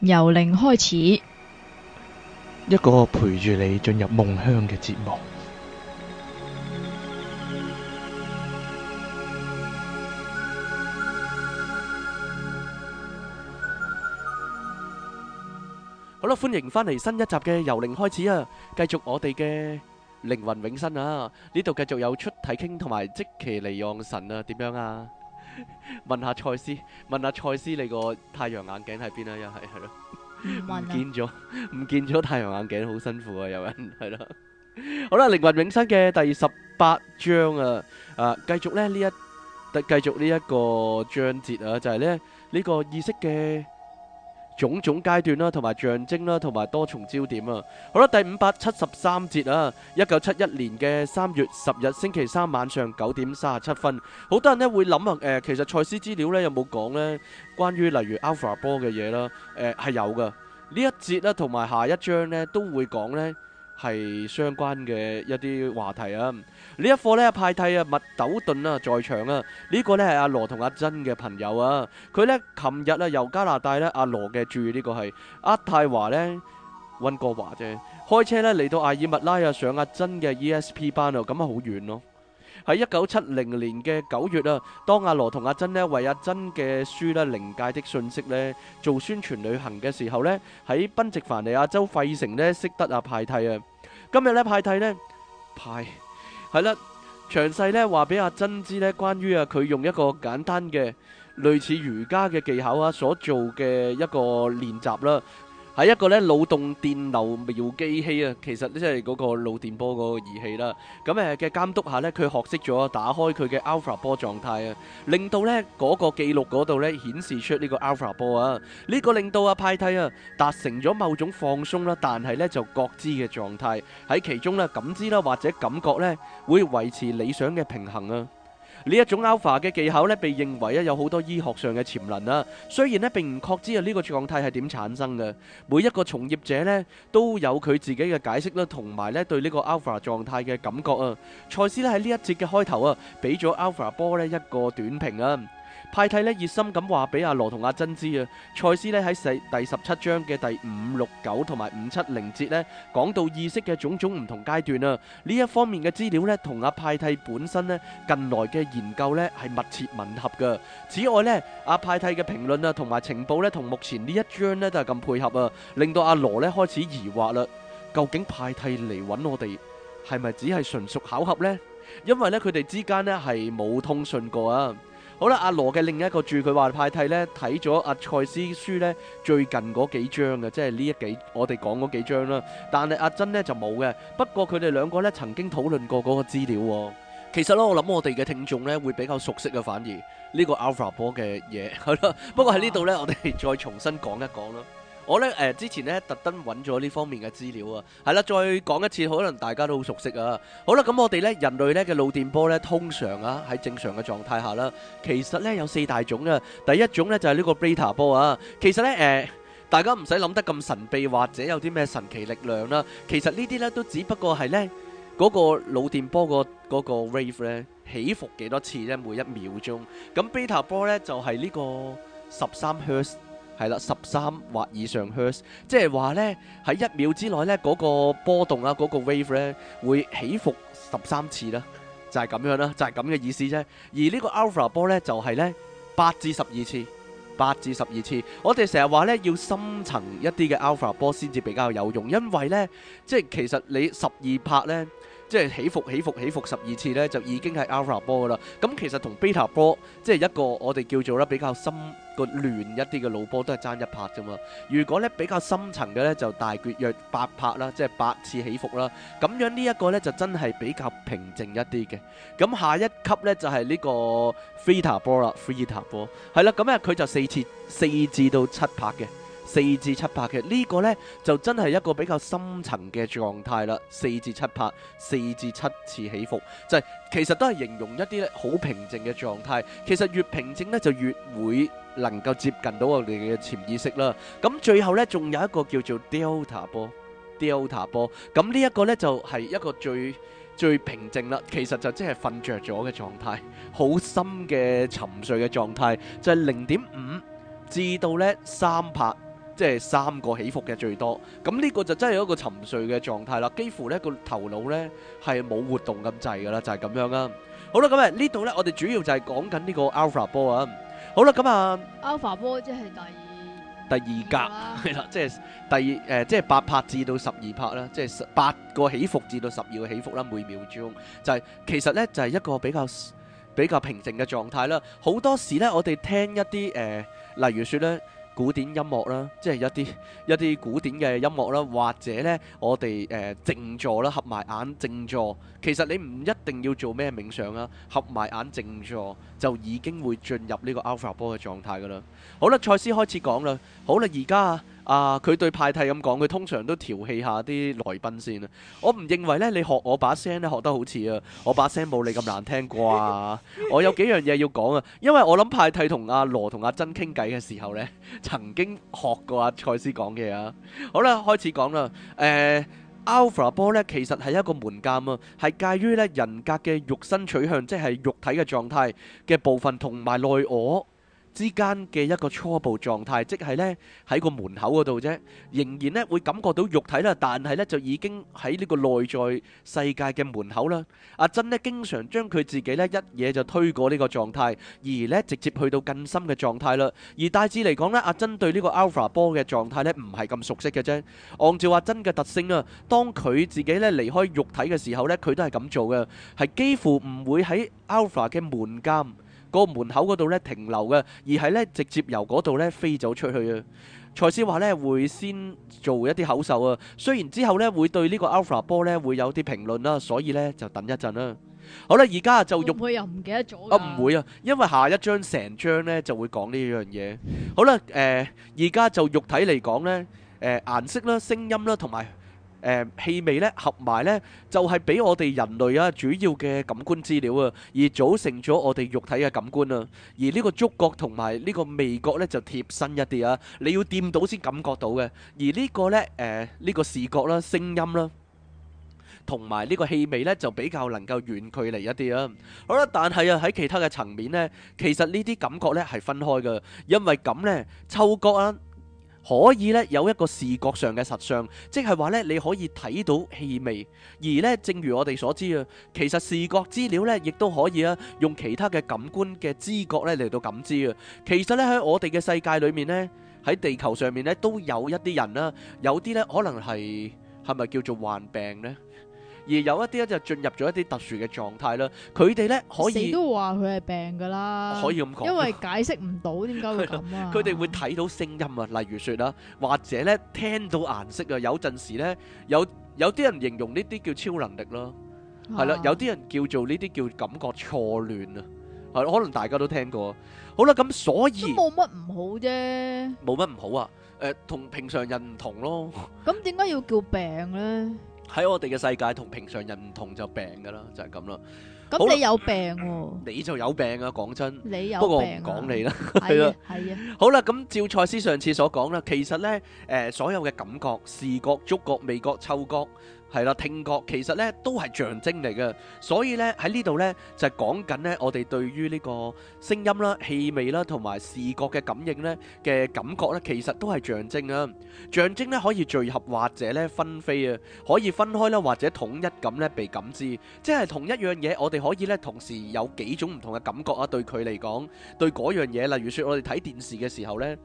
由零開始，一個陪住你進入夢鄉嘅節目。好啦，歡迎返嚟新一集嘅由零開始啊！繼續我哋嘅靈魂永生啊！呢度繼續有出體傾同埋積奇利用神啊，點樣啊？問下蔡思，問下蔡思，你個太陽眼鏡喺邊啊？又係係咯，唔見咗，唔見咗太陽眼鏡，好辛苦啊！有人係咯，好啦，靈魂永生嘅第十八章啊，啊，繼續咧呢一，繼續呢一個章節啊，就係咧呢個意識嘅種種階段啦，同埋象徵啦，同埋多重焦點啊！好啦，第五百七十三節啊，一九七一年嘅三月十日星期三晚上九點三十七分，好多人呢會諗啊，誒，其實賽斯資料呢有冇講呢關於例如 Alpha 波嘅嘢啦，誒係有㗎。呢一節呢同埋下一章呢，都會講呢。係相關嘅一啲話題啊！呢一課呢，派替啊麥斗頓啊在場啊！呢個呢，係阿羅同阿珍嘅朋友啊！佢呢，琴日啊由加拿大、啊、羅呢，阿羅嘅注意呢個係渥太華呢，溫哥華啫，開車呢，嚟到阿爾默拉啊上阿珍嘅 ESP 班啊，咁啊好遠咯。喺一九七零年嘅九月啊，當阿羅同阿珍咧為阿珍嘅書咧《靈界的信息》咧做宣傳旅行嘅時候咧，喺賓夕凡尼亞州費城咧識得阿、啊、派替啊。今日呢，派替呢，派係啦，詳 細呢話俾阿珍知呢關於啊佢用一個簡單嘅類似瑜伽嘅技巧啊所做嘅一個練習啦。喺一個咧腦動電流描機器啊，其實呢即係嗰個腦電波嗰個儀器啦。咁誒嘅監督下咧，佢學識咗打開佢嘅 alpha 波狀態啊，令到咧嗰個記錄嗰度咧顯示出呢個 alpha 波啊。呢個令到阿派蒂啊達成咗某種放鬆啦，但係咧就覺知嘅狀態喺其中咧感知啦或者感覺咧會維持理想嘅平衡啊。呢一種 alpha 嘅技巧咧，被認為咧有好多醫學上嘅潛能啦。雖然咧並唔確知啊，呢個狀態係點產生嘅。每一個從業者咧都有佢自己嘅解釋啦，同埋咧對呢個 alpha 狀態嘅感覺啊。賽斯咧喺呢一節嘅開頭啊，俾咗 alpha 波咧一個短評啊。派蒂咧熱心咁話俾阿羅同阿珍知啊，賽斯咧喺第十七章嘅第五六九同埋五七零節咧講到意識嘅種種唔同階段啊，呢一方面嘅資料咧同阿派蒂本身咧近來嘅研究咧係密切吻合噶。此外咧，阿派蒂嘅評論啊同埋情報咧同目前呢一章咧都係咁配合啊，令到阿羅咧開始疑惑啦，究竟派蒂嚟搵我哋係咪只係純屬巧合呢？因為咧佢哋之間呢係冇通訊過啊。好啦，阿羅嘅另一個住，佢話派替咧睇咗阿賽斯書咧最近嗰幾章嘅，即係呢一幾我哋講嗰幾章啦。但係阿珍咧就冇嘅。不過佢哋兩個咧曾經討論過嗰個資料喎、哦。其實咧，我諗我哋嘅聽眾咧會比較熟悉嘅，反而呢、呢個 Alpha 波嘅嘢係咯。 不過喺呢度咧，我哋再重新講一講啦。我咧誒之前咧特登揾咗呢方面嘅資料啊，係啦，再講一次，可能大家都好熟悉啊。好啦，咁我哋咧人類咧嘅腦電波咧通常啊喺正常嘅狀態下啦，其實咧有四大種啊。第一種咧就係呢個 beta 波啊。其實咧誒，大家唔使諗得咁神秘或者有啲咩神奇力量啦。其實呢啲咧都只不過係咧嗰個腦電波個嗰個 wave 咧起伏幾多次咧，每一秒鐘。咁 beta 波咧就係呢個十三 hertz。係啦，十三或以上 hertz，即係話咧喺一秒之內咧，嗰個波動啦，嗰個 wave 咧會起伏十三次啦，就係咁樣啦，就係咁嘅意思啫。而呢個 alpha 波咧就係咧八至十二次，八至十二次。我哋成日話咧要深層一啲嘅 alpha 波先至比較有用，因為咧即係其實你十二拍咧即係起伏起伏起伏十二次咧就已經係 alpha 波噶啦。咁其實同 beta 波即係一個我哋叫做咧比較深。個亂一啲嘅腦波都係爭一拍啫嘛，如果咧比較深層嘅咧就大決約八拍啦，即係八次起伏啦，咁樣這呢一個咧就真係比較平靜一啲嘅。咁下一級咧就係、是、呢、這個 theta 波啦，theta 波係啦，咁咧佢就四次四至到七拍嘅。四至七拍嘅呢個咧，就真係一個比較深層嘅狀態啦，四至七拍，四至七次起伏就係其實都係形容一啲好平靜嘅狀態。其實越平靜咧，就越會能夠接近到我哋嘅潛意識啦。咁最後咧，仲有一個叫做 Delta 波，Delta 波，咁呢一個咧，就係一個最最平靜啦。其實就即係瞓着咗嘅狀態，好深嘅沉睡嘅狀態，就係零點五至到咧三拍。即係三個起伏嘅最多，咁呢個就真係一個沉睡嘅狀態啦，幾乎呢個頭腦呢係冇活動咁滯噶啦，就係、是、咁樣啦。好啦，咁啊呢度呢，我哋主要就係講緊呢個 alpha 波啊。好啦，咁啊，alpha 波即係第二格, 第2格啦 即、呃，即係第誒，即係八拍至到十二拍啦，即係八個起伏至到十二個起伏啦，每秒鐘就係、是、其實呢，就係、是、一個比較比較平靜嘅狀態啦。好多時呢，我哋聽一啲誒、呃，例如說呢。古典音樂啦，即係一啲一啲古典嘅音樂啦，或者呢我哋誒靜坐啦，合埋眼靜坐。其實你唔一定要做咩冥想啊，合埋眼靜坐就已經會進入呢個 alpha 波嘅狀態㗎啦。好啦，賽斯開始講啦。好啦，而家。啊！佢對派替咁講，佢通常都調戲下啲來賓先啦。我唔認為咧，你學我把聲咧學得好似啊，我把聲冇你咁難聽啩。我有幾樣嘢要講啊，因為我諗派替同阿羅同阿珍傾偈嘅時候咧，曾經學過阿賽斯講嘅啊。好啦，開始講啦。誒，Alpha 波咧其實係一個門檻啊，係介於咧人格嘅肉身取向，即係肉體嘅狀態嘅部分同埋內我之間嘅一個初步狀態，即係咧喺個門口嗰度啫，仍然咧會感覺到肉體啦，但係咧就已經喺呢個內在世界嘅門口啦。阿珍咧經常將佢自己咧一嘢就推過呢個狀態，而咧直接去到更深嘅狀態啦。而大致嚟講咧，阿珍對呢個 Alpha 波嘅狀態咧唔係咁熟悉嘅啫。按照阿珍嘅特性啊，當佢自己咧離開肉體嘅時候咧，佢都係咁做嘅，係幾乎唔會喺 Alpha 嘅門檻。個門口嗰度咧停留嘅，而係咧直接由嗰度咧飛走出去啊！蔡思話咧會先做一啲口授啊，雖然之後咧會對呢個 Alpha 波咧會有啲評論啦，所以咧就等一陣啦。好啦，而家就肉唔會又唔記得咗啊！唔會啊，因為下一張成章咧就會講呢樣嘢。好啦，誒而家就肉體嚟講咧，誒、呃、顏色啦、聲音啦同埋。誒氣味咧合埋咧，就係俾我哋人類啊主要嘅感官資料啊，而組成咗我哋肉體嘅感官啊。而呢個觸覺同埋呢個味覺咧，就貼身一啲啊，你要掂到先感覺到嘅。而呢個咧誒呢個視覺啦、聲音啦，同埋呢個氣味咧，就比較能夠遠距離一啲啊。好啦，但係啊喺其他嘅層面咧，其實呢啲感覺咧係分開嘅，因為咁咧，嗅覺啊。可以咧有一個視覺上嘅實相，即係話咧你可以睇到氣味，而咧正如我哋所知啊，其實視覺資料咧亦都可以啊，用其他嘅感官嘅知覺咧嚟到感知啊。其實咧喺我哋嘅世界裏面咧，喺地球上面咧都有一啲人啦，有啲咧可能係係咪叫做患病呢？而有一啲咧就進入咗一啲特殊嘅狀態啦，佢哋咧可以都話佢係病㗎啦，可以咁講，因為解釋唔到點解會咁啊。佢哋會睇到聲音啊，例如説啦，或者咧聽到顏色啊，有陣時咧有有啲人形容呢啲叫超能力咯，係啦，有啲人叫做呢啲叫感覺錯亂啊，係咯，可能大家都聽過。好啦，咁所以都冇乜唔好啫，冇乜唔好啊，誒，同平常人唔同咯。咁點解要叫病咧？喺我哋嘅世界同平常人唔同就病噶啦，就係咁啦。咁、嗯、了你有病喎、啊嗯，你就有病啊！講真，你有、啊、不過我唔講你啦，係啦的，係啊。 好啦，咁照賽斯上次所講啦，其實咧誒、呃，所有嘅感覺，視覺、觸覺、味覺、嗅覺。係啦，聽覺其實咧都係象徵嚟嘅，所以咧喺呢度咧就係講緊咧我哋對於呢個聲音啦、氣味啦同埋視覺嘅感應咧嘅感覺咧，其實都係象徵啊！象徵咧可以聚合或者咧分飛啊，可以分開啦或者統一咁咧被感知，即係同一樣嘢，我哋可以咧同時有幾種唔同嘅感覺啊，對佢嚟講，對嗰樣嘢啦，例如説我哋睇電視嘅時候咧，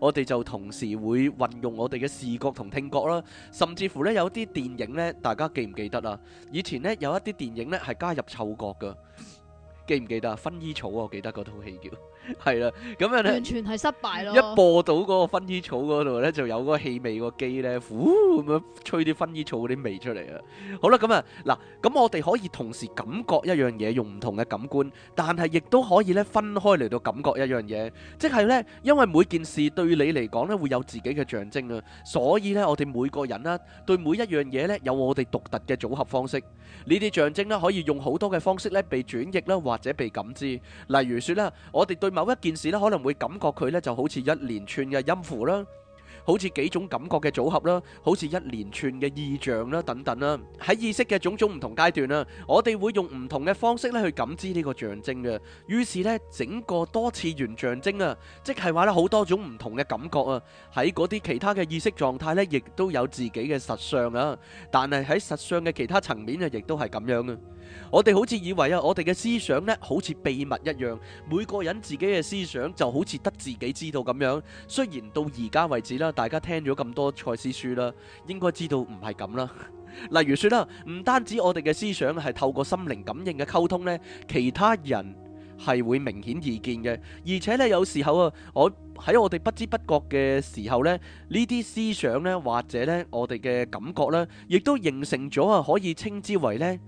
我哋就同時會運用我哋嘅視覺同聽覺啦，甚至乎咧有啲電影咧。大家記唔記得啊？以前咧有一啲電影咧係加入嗅覺嘅，記唔記得啊？《薰衣草》啊？我記得套戲叫。係啦，咁樣咧，完全係失敗咯。一播到嗰個薰衣草嗰度咧，就有嗰個氣味個機咧，呼咁樣吹啲薰衣草嗰啲味出嚟啊！好啦，咁啊，嗱，咁我哋可以同時感覺一樣嘢，用唔同嘅感官，但係亦都可以咧分開嚟到感覺一樣嘢，即係咧，因為每件事對你嚟講咧會有自己嘅象徵啊，所以咧我哋每個人啦，對每一樣嘢咧有我哋獨特嘅組合方式。呢啲象徵咧可以用好多嘅方式咧被轉譯啦，或者被感知。例如說咧，我哋對某一件事咧，可能會感覺佢咧就好似一連串嘅音符啦，好似幾種感覺嘅組合啦，好似一連串嘅意象啦等等啦。喺意識嘅種種唔同階段啊，我哋會用唔同嘅方式咧去感知呢個象徵嘅。於是呢，整個多次元象徵啊，即係話咧好多種唔同嘅感覺啊，喺嗰啲其他嘅意識狀態呢，亦都有自己嘅實相啊。但係喺實相嘅其他層面啊，亦都係咁樣嘅。我哋好似以為啊，我哋嘅思想呢，好似秘密一樣，每個人自己嘅思想就好似得自己知道咁樣。雖然到而家為止啦，大家聽咗咁多賽斯書啦，應該知道唔係咁啦。 例如說啦，唔單止我哋嘅思想係透過心靈感應嘅溝通呢，其他人係會明顯易見嘅。而且呢，有時候啊，我喺我哋不知不覺嘅時候呢，呢啲思想呢，或者呢我哋嘅感覺呢，亦都形成咗啊，可以稱之為呢。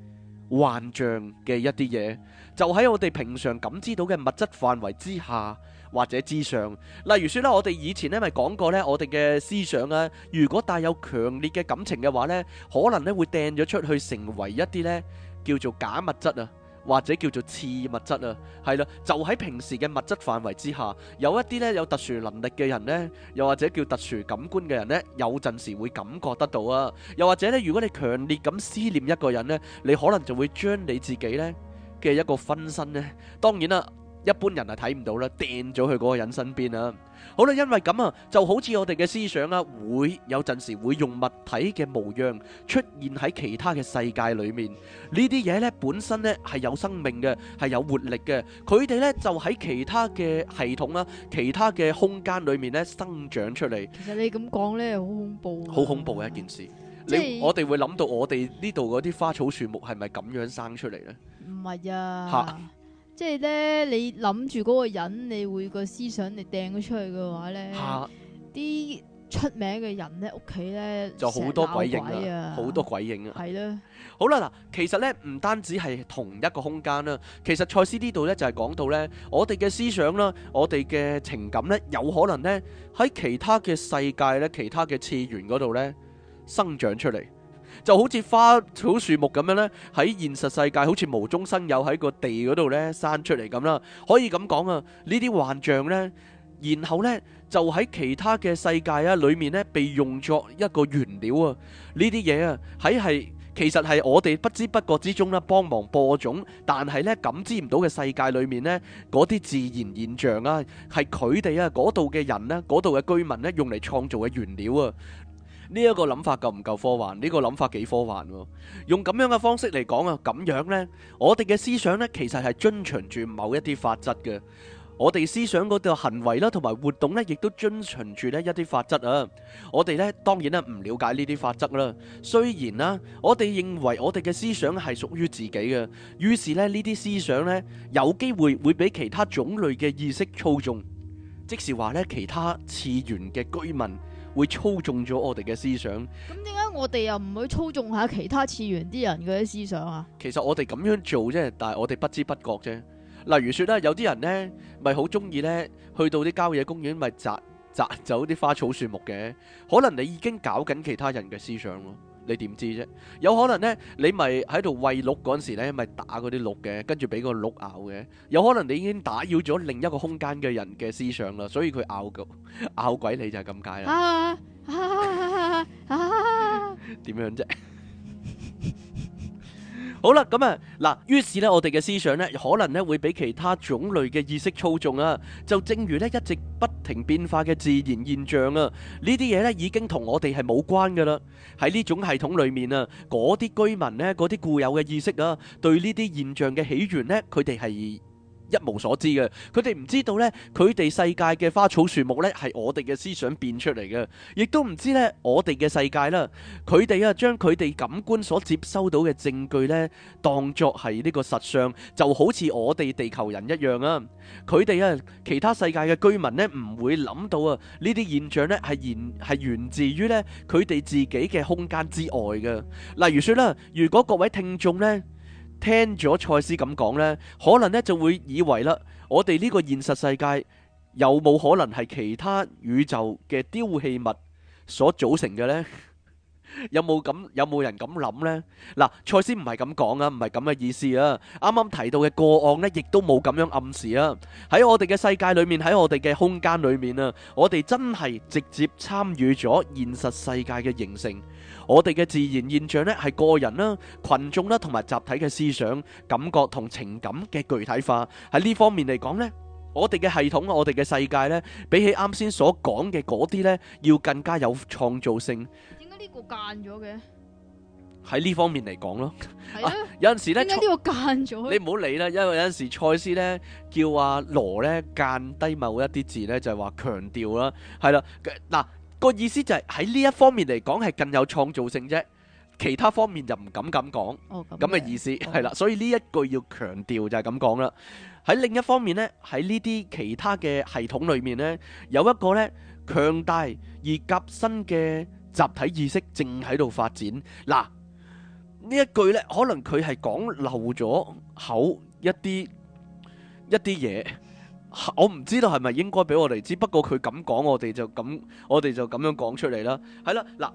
幻象嘅一啲嘢，就喺我哋平常感知到嘅物質範圍之下或者之上，例如說啦，我哋以前咧咪講過咧，我哋嘅思想啊，如果帶有強烈嘅感情嘅話咧，可能咧會掟咗出去，成為一啲咧叫做假物質啊。或者叫做次物質啊，係啦，就喺平時嘅物質範圍之下，有一啲咧有特殊能力嘅人呢，又或者叫特殊感官嘅人呢，有陣時會感覺得到啊。又或者呢，如果你強烈咁思念一個人呢，你可能就會將你自己呢嘅一個分身呢。當然啦，一般人係睇唔到啦，掟咗去嗰個人身邊啊。好啦，因為咁啊，就好似我哋嘅思想啦，啊，會有陣時會用物體嘅模樣出現喺其他嘅世界裏面。呢啲嘢呢，本身呢係有生命嘅，係有活力嘅。佢哋呢，就喺其他嘅系統啦、其他嘅空間裏面呢，生長出嚟。其實你咁講呢，好恐怖。好恐怖嘅一件事，即、就係、你、我哋會諗到我哋呢度嗰啲花草樹木係咪咁樣生出嚟呢？唔係啊。 即係咧，你諗住嗰個人，你會個思想你掟咗出去嘅話咧，啲、啊、出名嘅人咧，屋企咧就好多鬼影啦，好多鬼影啊，係咯、啊。啊、的好啦，嗱，其實咧唔單止係同一個空間啦，其實塞斯呢度咧就係、是、講到咧，我哋嘅思想啦，我哋嘅情感咧，有可能咧喺其他嘅世界咧，其他嘅次元嗰度咧生長出嚟。就好似花草樹木咁樣呢，喺現實世界好似無中生有，喺個地嗰度呢生出嚟，咁啦，可以咁講啊，呢啲幻象呢，然後呢就喺其他嘅世界啊裏面呢，被用作一個原料啊，呢啲嘢啊喺係其實係我哋不知不覺之中呢，幫忙播種，但係呢感知唔到嘅世界裏面呢，嗰啲自然現象啊，係佢哋啊嗰度嘅人呢，嗰度嘅居民呢，用嚟創造嘅原料啊。呢一個諗法夠唔夠科幻？呢個諗法幾科幻喎？用咁樣嘅方式嚟講啊，咁樣呢，我哋嘅思想呢，其實係遵循住某一啲法則嘅。我哋思想嗰個行為啦，同埋活動呢，亦都遵循住呢一啲法則啊。我哋呢，當然呢唔了解呢啲法則啦。雖然啦，我哋認為我哋嘅思想係屬於自己嘅，於是呢，呢啲思想呢，有機會會俾其他種類嘅意識操縱，即是話呢，其他次元嘅居民。會操縱咗我哋嘅思想，咁點解我哋又唔會操縱下其他次元啲人嘅思想啊？其實我哋咁樣做啫，但係我哋不知不覺啫。例如說啦，有啲人咧，咪好中意咧，去到啲郊野公園咪摘摘走啲花草樹木嘅，可能你已經搞緊其他人嘅思想咯。你點知啫？有可能咧，你咪喺度餵鹿嗰陣時咧，咪打嗰啲鹿嘅，跟住俾個鹿咬嘅。有可能你已經打擾咗另一個空間嘅人嘅思想啦，所以佢咬嘅咬鬼你就係咁解啦。點樣啫？好啦，咁啊，嗱，於是咧，我哋嘅思想咧，可能咧會俾其他種類嘅意識操縱啊。就正如咧一直不停變化嘅自然現象啊，呢啲嘢咧已經同我哋係冇關㗎喇。喺呢種系統裡面啊，嗰啲居民咧，嗰啲固有嘅意識啊，對呢啲現象嘅起源咧，佢哋係一無所知嘅，佢哋唔知道呢，佢哋世界嘅花草樹木呢，係我哋嘅思想變出嚟嘅，亦都唔知呢，我哋嘅世界啦。佢哋啊，將佢哋感官所接收到嘅證據呢，當作係呢個實相，就好似我哋地球人一樣啊。佢哋啊，其他世界嘅居民呢，唔會諗到啊呢啲現象呢，係源係源自於呢，佢哋自己嘅空間之外嘅。例如說啦，如果各位聽眾呢。聽咗賽斯咁講咧，可能咧就會以為啦，我哋呢個現實世界有冇可能係其他宇宙嘅丟棄物所組成嘅咧？有冇咁？有冇人咁諗咧？嗱，賽斯唔係咁講啊，唔係咁嘅意思啊。啱啱提到嘅個案咧，亦都冇咁樣暗示啊。喺我哋嘅世界裏面，喺我哋嘅空間裏面啊，我哋真係直接參與咗現實世界嘅形成。我哋嘅自然現象咧係個人啦、群眾啦同埋集體嘅思想、感覺同情感嘅具體化。喺呢方面嚟講咧，我哋嘅系統、我哋嘅世界咧，比起啱先所講嘅嗰啲咧，要更加有創造性。點解呢個間咗嘅？喺呢方面嚟講咯，係啊，有陣時咧，點解呢個間咗？你唔好理啦，因為有陣時賽斯咧叫阿羅咧間低某一啲字咧，就係話強調啦，係啦嗱。個意思就係喺呢一方面嚟講，係更有創造性啫，其他方面就唔敢咁講，咁嘅意思係啦。所以呢一句要強調就係咁講啦。喺另一方面咧，喺呢啲其他嘅系統裏面咧，有一個咧強大而革新嘅集體意識正喺度發展。嗱，呢一句咧可能佢係講漏咗口一啲一啲嘢。我唔知道係咪應該俾我哋知，不過佢咁講，我哋就咁，我哋就咁樣講出嚟啦。係啦，嗱，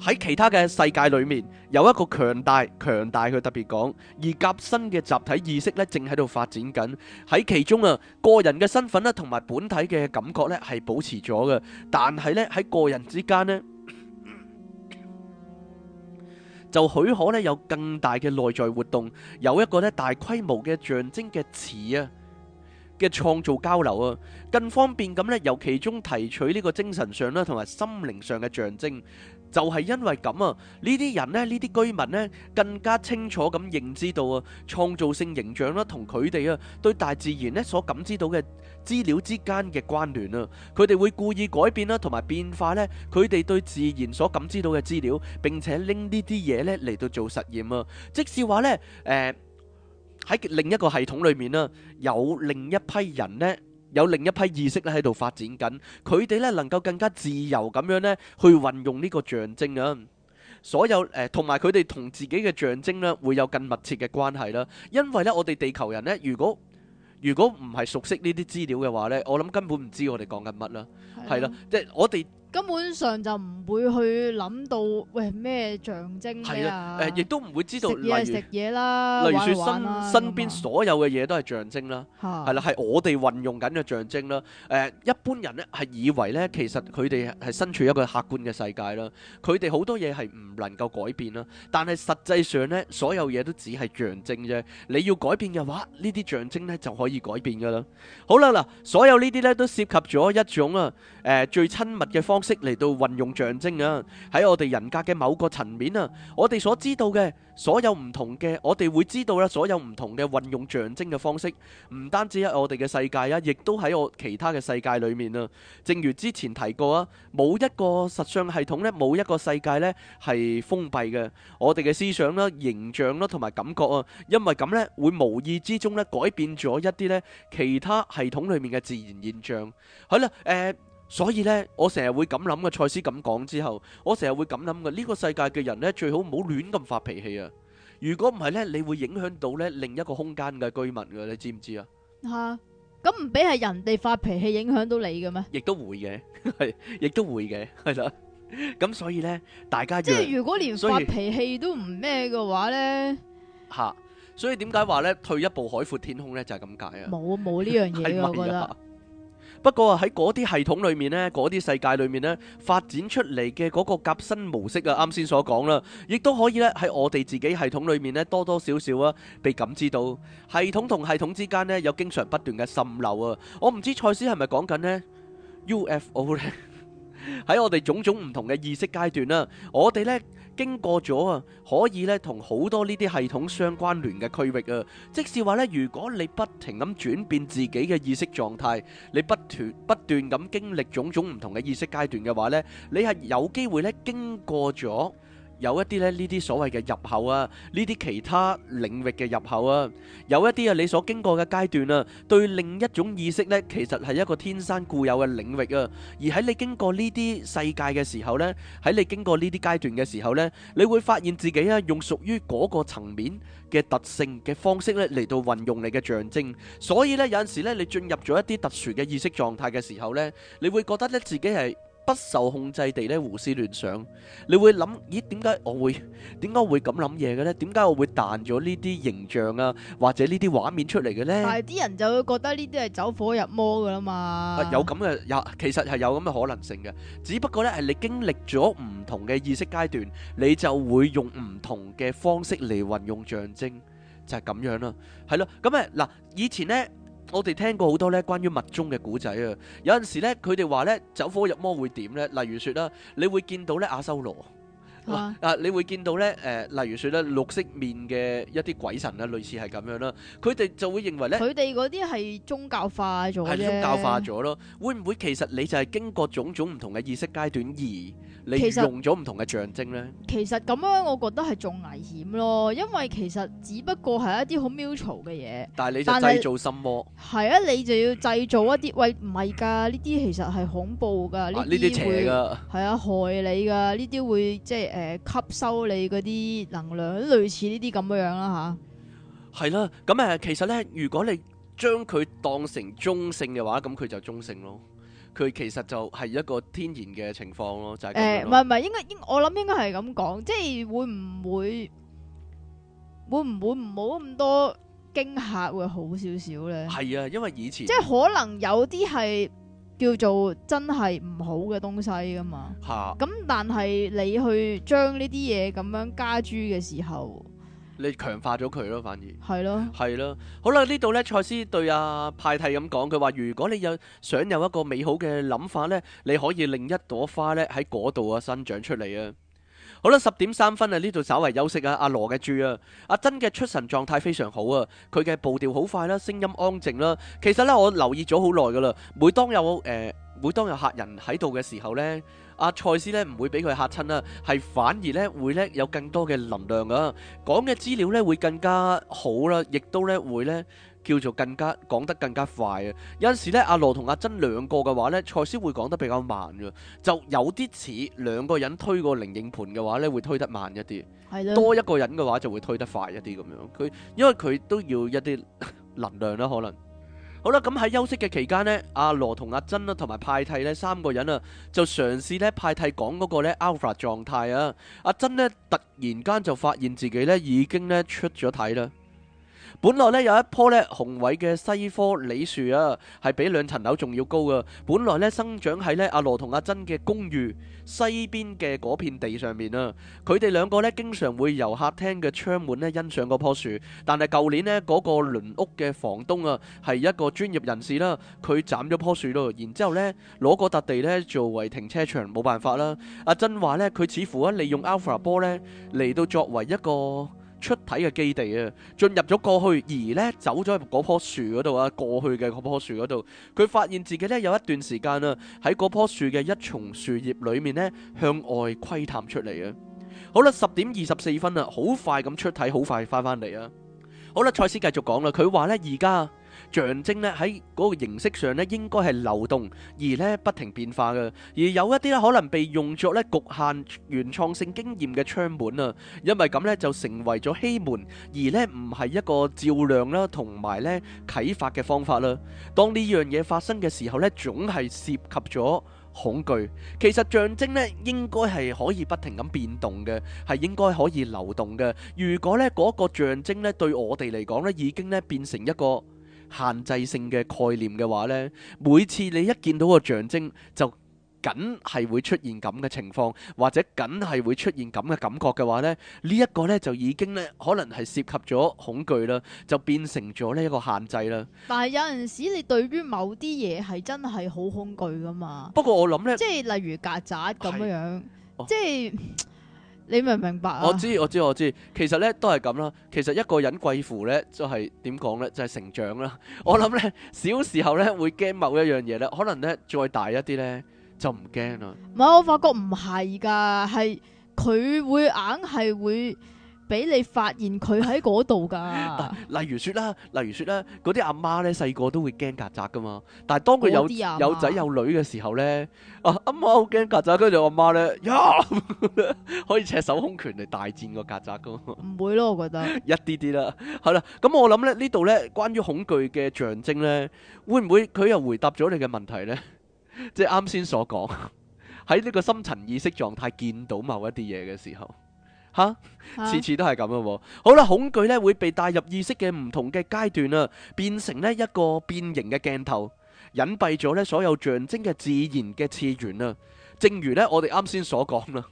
喺其他嘅世界裏面，有一個強大、強大，佢特別講而夾身嘅集體意識呢，正喺度發展緊。喺其中啊，個人嘅身份呢、啊，同埋本體嘅感覺呢，係保持咗嘅。但係呢，喺個人之間呢， 就許可呢，有更大嘅內在活動，有一個呢，大規模嘅象徵嘅詞啊。嘅創造交流啊，更方便咁咧，由其中提取呢個精神上啦同埋心靈上嘅象徵，就係因為咁啊，呢啲人呢，呢啲居民呢，更加清楚咁認知到啊，創造性形象啦，同佢哋啊，對大自然咧所感知到嘅資料之間嘅關聯啊，佢哋會故意改變啦，同埋變化咧，佢哋對自然所感知到嘅資料，並且拎呢啲嘢咧嚟到做實驗啊，即係話咧，誒、呃。喺另一個系統裏面啦，有另一批人咧，有另一批意識咧喺度發展緊，佢哋咧能夠更加自由咁樣咧去運用呢個象徵啊，所有誒同埋佢哋同自己嘅象徵咧會有更密切嘅關係啦，因為咧我哋地球人咧如果如果唔係熟悉呢啲資料嘅話咧，我諗根本唔知我哋講緊乜啦，係啦，即係我哋。根本上就唔會去諗到喂咩象徵，係啊！誒、呃，亦都唔會知道食嘢食嘢啦。例如說身玩玩、啊、身邊所有嘅嘢都係象徵啦，係啦、啊，係我哋運用緊嘅象徵啦。誒、呃、一般人咧係以為咧，其實佢哋係身處一個客觀嘅世界啦。佢哋好多嘢係唔能夠改變啦。但係實際上咧，所有嘢都只係象徵啫。你要改變嘅話呢啲象徵咧就可以改變噶啦。好啦，嗱，所有呢啲咧都涉及咗一種啊誒、呃、最親密嘅方。方式嚟到運用象徵啊，喺我哋人格嘅某個層面啊，我哋所知道嘅所有唔同嘅，我哋會知道啦，所有唔同嘅運用象徵嘅方式，唔單止喺我哋嘅世界啊，亦都喺我其他嘅世界裏面啊。正如之前提過啊，冇一個實相系統咧，冇一個世界咧係封閉嘅，我哋嘅思想啦、形象啦同埋感覺啊，因為咁咧會無意之中咧改變咗一啲咧其他系統裏面嘅自然現象。好啦，誒。所以咧，我成日會咁諗嘅。賽斯咁講之後，我成日會咁諗嘅。呢個世界嘅人咧，最好唔好亂咁發脾氣啊！如果唔係咧，你會影響到咧另一個空間嘅居民嘅，你知唔知啊？吓，咁唔俾係人哋發脾氣影響到你嘅咩？亦都會嘅，係亦都會嘅，係啦。咁所以咧，大家即係如果連發脾氣都唔咩嘅話咧，吓，所以點解話咧退一步海闊天空咧就係咁解啊？冇冇呢樣嘢嘅，我覺得。不過喺嗰啲系統裏面呢，嗰啲世界裏面呢，發展出嚟嘅嗰個夾新模式啊，啱先所講啦，亦都可以咧喺我哋自己系統裏面呢，多多少少啊被感知到，系統同系統之間呢，有經常不斷嘅滲漏啊！我唔知賽斯係咪講緊呢 UFO 呢，喺 我哋種種唔同嘅意識階段啦，我哋呢。經過咗啊，可以咧同好多呢啲系統相關聯嘅區域啊，即是話咧，如果你不停咁轉變自己嘅意識狀態，你不斷不斷咁經歷種種唔同嘅意識階段嘅話咧，你係有機會咧經過咗。有一啲咧呢啲所謂嘅入口啊，呢啲其他領域嘅入口啊，有一啲啊你所經過嘅階段啊，對另一種意識咧，其實係一個天生固有嘅領域啊。而喺你經過呢啲世界嘅時候咧，喺你經過呢啲階段嘅時候咧，你會發現自己啊用屬於嗰個層面嘅特性嘅方式咧嚟到運用你嘅象徵。所以咧有陣時咧你進入咗一啲特殊嘅意識狀態嘅時候咧，你會覺得咧自己係。不受控制地咧胡思亂想，你會諗咦？點解我會？點解會咁諗嘢嘅咧？點解我會彈咗呢啲形象啊，或者呢啲畫面出嚟嘅咧？係啲人就會覺得呢啲係走火入魔噶啦嘛。有咁嘅，有其實係有咁嘅可能性嘅，只不過咧係你經歷咗唔同嘅意識階段，你就會用唔同嘅方式嚟運用象徵，就係咁樣啦。係咯，咁誒嗱，以前咧。我哋聽過好多咧，關於密宗嘅古仔啊，有陣時咧佢哋話咧，走火入魔會點咧？例如説啦，你會見到咧阿修羅。啊！你會見到咧，誒、呃，例如説咧，綠色面嘅一啲鬼神咧，類似係咁樣啦。佢哋就會認為咧，佢哋嗰啲係宗教化咗嘅，宗教化咗咯。會唔會其實你就係經過種種唔同嘅意識階段而你用咗唔同嘅象徵咧？其實咁樣，我覺得係仲危險咯，因為其實只不過係一啲好 mutual 嘅嘢。Like、但係你就製造心魔係啊！你就要製造一啲喂，唔係㗎，呢啲其實係恐怖㗎，呢啲嚟會係啊的害你㗎，呢啲會即係誒，吸收你嗰啲能量，類似呢啲咁樣樣啦吓。係、嗯、啦，咁誒、啊，其實咧，如果你將佢當成中性嘅話，咁佢就中性咯。佢其實就係一個天然嘅情況咯，就係、是、誒，唔係唔係，應該應我諗應該係咁講，即係會唔會會唔會唔好咁多驚嚇會好少少咧？係啊，因為以前即係可能有啲係。叫做真係唔好嘅東西噶嘛，咁、啊、但係你去將呢啲嘢咁樣加諸嘅時候，你強化咗佢咯，反而係咯，係咯的。好啦，呢度咧，蔡司對阿、啊、派蒂咁講，佢話如果你有想有一個美好嘅諗法呢，你可以令一朵花呢喺嗰度啊生長出嚟啊。好啦，十點三分啊，呢度稍為休息啊羅。阿羅嘅注啊，阿珍嘅出神狀態非常好啊，佢嘅步調好快啦，聲音安靜啦。其實咧，我留意咗好耐噶啦。每當有誒、呃，每當有客人喺度嘅時候咧，阿賽斯咧唔會俾佢嚇親啦，係反而咧會咧有更多嘅能量噶，講嘅資料咧會更加好啦，亦都咧會咧。叫做更加講得更加快啊！有陣時咧，阿羅同阿珍兩個嘅話咧，賽斯會講得比較慢嘅，就有啲似兩個人推個靈應盤嘅話咧，會推得慢一啲。係咯多一個人嘅話就會推得快一啲咁樣。佢因為佢都要一啲能量啦、啊，可能。好啦，咁喺休息嘅期間呢，阿羅同阿珍啦、啊，同埋派替呢，三個人啊，就嘗試咧派替講嗰個咧 Alpha 狀態啊。阿珍呢，突然間就發現自己咧已經咧出咗體啦。本來咧有一棵咧宏偉嘅西科李樹啊，係比兩層樓仲要高㗎。本來咧生長喺咧阿羅同阿珍嘅公寓西邊嘅嗰片地上面啦。佢哋兩個咧經常會由客廳嘅窗門咧欣賞嗰棵樹。但係舊年咧嗰個鄰屋嘅房東啊係一個專業人士啦，佢斬咗棵樹咯，然之後咧攞嗰笪地咧作為停車場，冇辦法啦。阿珍話咧佢似乎啊利用 alpha 波咧嚟到作為一個。出體嘅基地啊，進入咗過去，而呢走咗入嗰棵樹嗰度啊，過去嘅嗰棵樹嗰度，佢發現自己呢有一段時間啊，喺嗰棵樹嘅一重樹葉裏面呢向外窺探出嚟啊！好啦，十點二十四分啊，好快咁出體，好快翻返嚟啊！好啦，賽斯繼續講啦，佢話呢而家。象徵咧喺嗰個形式上咧，應該係流動而咧不停變化嘅。而有一啲咧可能被用作咧局限原創性經驗嘅窗門啊，因為咁咧就成為咗欺門，而咧唔係一個照亮啦同埋咧啟發嘅方法啦。當呢樣嘢發生嘅時候咧，總係涉及咗恐懼。其實象徵咧應該係可以不停咁變動嘅，係應該可以流動嘅。如果咧嗰個象徵咧對我哋嚟講咧已經咧變成一個限制性嘅概念嘅話，呢每次你一見到個象徵，就梗係會出現咁嘅情況，或者梗係會出現咁嘅感覺嘅話咧，呢一個呢就已經咧可能係涉及咗恐懼啦，就變成咗呢一個限制啦。但係有陣時，你對於某啲嘢係真係好恐懼噶嘛？不過我諗呢，即係例如曱甴咁樣，哦、即係。你明唔明白啊？我知，我知，我知。其實咧都係咁啦。其實一個人貴乎咧，就係點講咧，就係、是、成長啦。 我諗咧，小時候咧會驚某一樣嘢咧，可能咧再大一啲咧就唔驚啦。唔係、啊，我發覺唔係噶，係佢會硬係會俾你發現佢喺嗰度噶，例如説啦，例如説啦，嗰啲阿媽咧細個都會驚曱甴噶嘛，但係當佢有媽媽有仔有女嘅時候咧，啊阿媽好驚曱甴，跟住阿媽咧呀， 可以赤手空拳嚟大戰個曱甴噶，唔會咯，我覺得 一啲啲啦，係啦，咁我諗咧呢度咧關於恐懼嘅象徵咧，會唔會佢又回答咗你嘅問題咧？即係啱先所講喺呢個深層意識狀態見到某一啲嘢嘅時候，吓，次次都係咁咯。好啦，恐懼呢，會被帶入意識嘅唔同嘅階段啊，變成呢一個變形嘅鏡頭，隱蔽咗呢所有象徵嘅自然嘅次元啊。正如呢我哋啱先所講啦，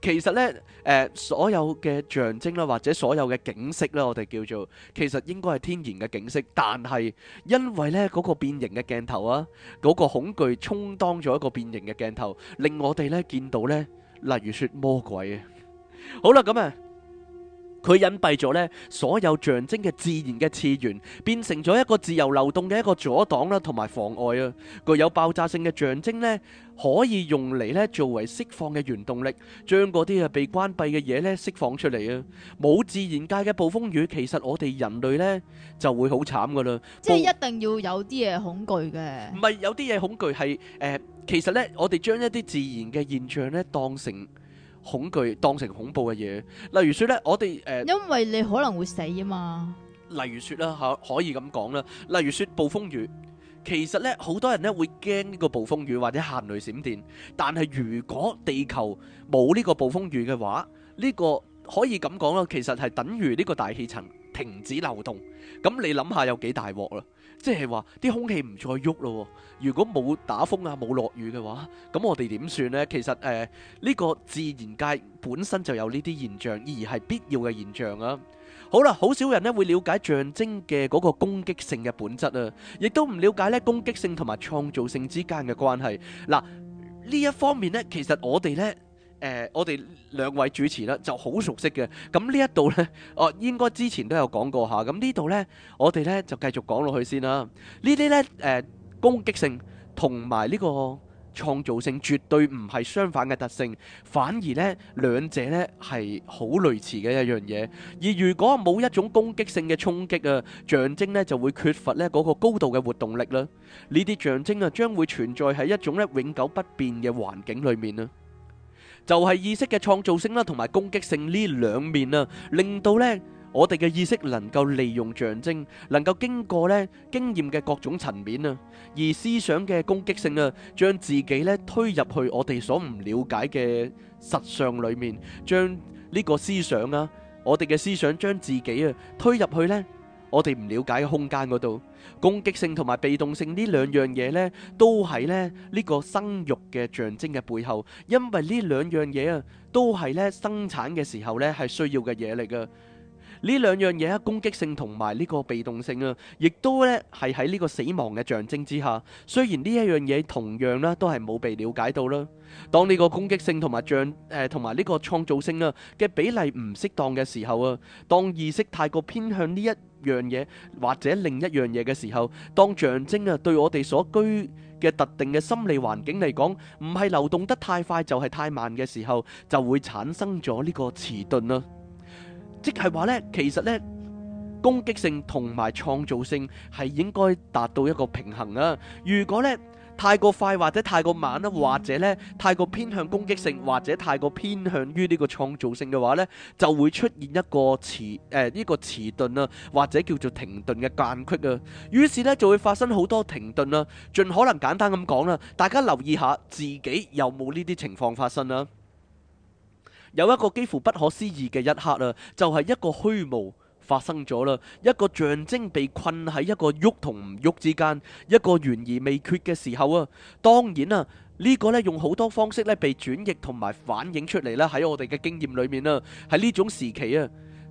其實呢誒，所有嘅象徵啦，或者所有嘅景色啦，我哋叫做其實應該係天然嘅景色，但係因為呢嗰個變形嘅鏡頭啊，嗰個恐懼充當咗一個變形嘅鏡頭，令我哋呢見到呢，例如說魔鬼啊。好啦，咁啊，佢隱蔽咗呢所有象徵嘅自然嘅次元，變成咗一個自由流動嘅一個阻擋啦，同埋妨礙啊，具有爆炸性嘅象徵呢，可以用嚟呢作為釋放嘅原動力，將嗰啲啊被關閉嘅嘢呢釋放出嚟啊，冇自然界嘅暴風雨，其實我哋人類呢就會好慘噶啦，即係一定要有啲嘢恐懼嘅，唔係有啲嘢恐懼係誒，其實呢，我哋將一啲自然嘅現象呢當成。恐懼當成恐怖嘅嘢，例如說咧，我哋誒，呃、因為你可能會死啊嘛。例如說啦，吓可，可以咁講啦。例如說暴風雨，其實咧好多人咧會驚呢個暴風雨或者行雷閃電。但係如果地球冇呢個暴風雨嘅話，呢、這個可以咁講啦，其實係等於呢個大氣層停止流動。咁你諗下有幾大鑊啦？即係話啲空氣唔再喐咯，如果冇打風啊冇落雨嘅話，咁我哋點算呢？其實誒，呢個自然界本身就有呢啲現象，而係必要嘅現象啊。好啦，好少人咧會了解象徵嘅嗰個攻擊性嘅本質啊，亦都唔了解咧攻擊性同埋創造性之間嘅關係。嗱呢一方面呢，其實我哋呢。誒，我哋兩位主持咧就好熟悉嘅，咁呢一度咧，哦應該之前都有講過下，咁呢度咧，我哋咧就繼續講落去先啦。呢啲咧，誒攻擊性同埋呢個創造性絕對唔係相反嘅特性，反而咧兩者咧係好類似嘅一樣嘢。而如果冇一種攻擊性嘅衝擊啊，象徵咧就會缺乏咧嗰個高度嘅活動力啦。呢啲象徵啊，將會存在喺一種咧永久不變嘅環境裏面啊。就係意識嘅創造性啦，同埋攻擊性呢兩面啊，令到呢我哋嘅意識能夠利用象徵，能夠經過呢經驗嘅各種層面啊，而思想嘅攻擊性啊，將自己呢推入去我哋所唔了解嘅實相裡面，將呢個思想啊，我哋嘅思想將自己啊推入去呢。我哋唔了解嘅空間嗰度，攻擊性同埋被動性呢兩樣嘢咧，都係咧呢個生育嘅象徵嘅背後，因為呢兩樣嘢啊，都係咧生產嘅時候咧係需要嘅嘢嚟㗎。呢兩樣嘢，一攻擊性同埋呢個被動性啊，亦都咧係喺呢個死亡嘅象徵之下。雖然呢一樣嘢同樣啦，都係冇被瞭解到啦。當呢個攻擊性同埋象誒同埋呢個創造性啊嘅比例唔適當嘅時候啊，當意識太過偏向呢一樣嘢或者另一樣嘢嘅時候，當象徵啊對我哋所居嘅特定嘅心理環境嚟講，唔係流動得太快就係太慢嘅時候，就會產生咗呢個遲鈍啊。即係話呢，其實呢，攻擊性同埋創造性係應該達到一個平衡啊！如果呢，太過快或者太過慢啦，或者呢，太過偏向攻擊性或者太過偏向於呢個創造性嘅話呢，就會出現一個遲誒、呃、一個遲鈍啦，或者叫做停頓嘅間隙啊！於是呢，就會發生好多停頓啦。盡可能簡單咁講啦，大家留意下自己有冇呢啲情況發生啊。有一個幾乎不可思議嘅一刻啦、啊，就係、是、一個虛無發生咗啦，一個象徵被困喺一個喐同唔喐之間，一個懸而未決嘅時候啊！當然啦、啊，呢、這個咧用好多方式咧被轉譯同埋反映出嚟啦，喺我哋嘅經驗裏面啦，喺呢種時期啊。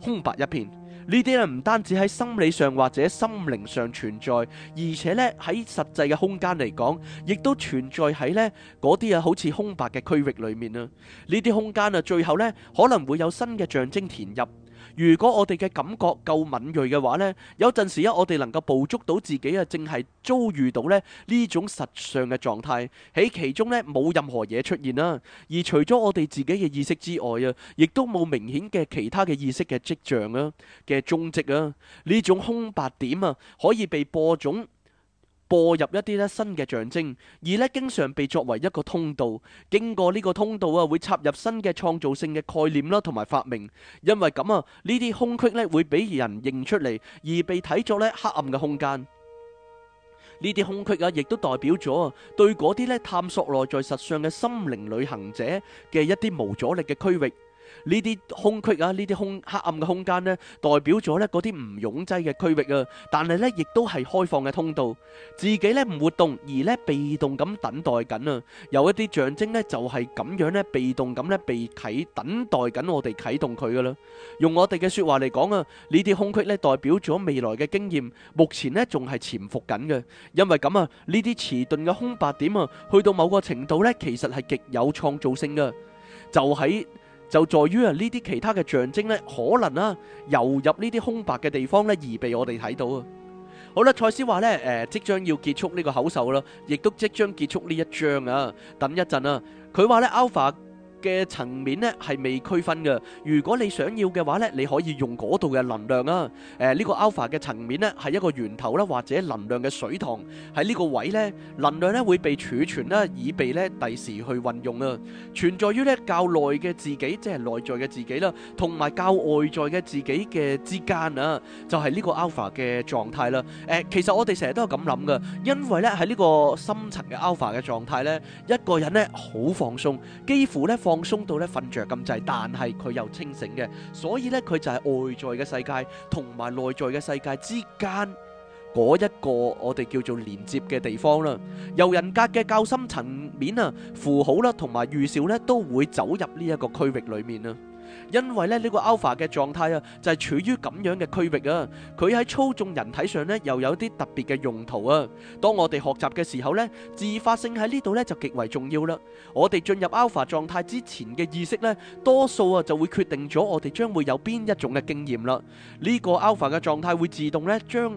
空白一片，呢啲咧唔單止喺心理上或者心靈上存在，而且咧喺實際嘅空間嚟講，亦都存在喺呢啲啊好似空白嘅區域裏面啊，呢啲空間啊最後咧可能會有新嘅象徵填入。如果我哋嘅感覺夠敏鋭嘅話呢，有陣時啊，我哋能夠捕捉到自己啊，正係遭遇到咧呢種實相嘅狀態，喺其中呢冇任何嘢出現啦，而除咗我哋自己嘅意識之外啊，亦都冇明顯嘅其他嘅意識嘅跡象啊嘅蹤跡啊，呢種空白點啊，可以被播種。播入一啲咧新嘅象徵，而咧經常被作為一個通道，經過呢個通道啊，會插入新嘅創造性嘅概念啦，同埋發明。因為咁啊，呢啲空隙咧會俾人認出嚟，而被睇作咧黑暗嘅空間。呢啲空隙啊，亦都代表咗對嗰啲咧探索內在實相嘅心靈旅行者嘅一啲無阻力嘅區域。呢啲空隙啊，呢啲空黑暗嘅空間呢，代表咗呢嗰啲唔擁擠嘅區域啊。但係呢，亦都係開放嘅通道，自己呢唔活動，而呢被動咁等待緊啊。有一啲象徵呢，就係咁樣呢，被動咁呢被啟等待緊，我哋啟動佢噶啦。用我哋嘅説話嚟講啊，呢啲空隙呢代表咗未來嘅經驗，目前呢仲係潛伏緊嘅。因為咁啊，呢啲遲鈍嘅空白點啊，去到某個程度呢，其實係極有創造性噶，就喺。就在於啊，呢啲其他嘅象徵呢可能啦、啊，遊入呢啲空白嘅地方呢而被我哋睇到啊。好啦，賽斯話呢，誒、呃，即將要結束呢個口授啦，亦都即將結束呢一章啊。等一陣啦、啊，佢話呢。Alpha 嘅層面咧係未區分嘅。如果你想要嘅話咧，你可以用嗰度嘅能量啊。誒呢個 alpha 嘅層面咧係一個源頭啦，或者能量嘅水塘喺呢個位咧，能量咧會被儲存啦，以備咧第時去運用啊。存在於咧較內嘅自己，即係內在嘅自己啦，同埋較外在嘅自己嘅之間啊，就係呢個 alpha 嘅狀態啦。誒，其實我哋成日都有咁諗㗎，因為咧喺呢個深層嘅 alpha 嘅狀態咧，一個人咧好放鬆，幾乎咧。放鬆到咧瞓著，咁滯，但係佢又清醒嘅，所以呢佢就係外在嘅世界同埋內在嘅世界之間嗰一個我哋叫做連接嘅地方啦。由人格嘅較深層面啊，符號啦同埋預兆咧，都會走入呢一個區域裏面啊。因為咧呢個 alpha 嘅狀態啊，就係處於咁樣嘅區域啊，佢喺操縱人體上咧又有啲特別嘅用途啊。當我哋學習嘅時候咧，自發性喺呢度咧就極為重要啦。我哋進入 alpha 狀態之前嘅意識咧，多數啊就會決定咗我哋將會有邊一種嘅經驗啦。呢個 alpha 嘅狀態會自動咧將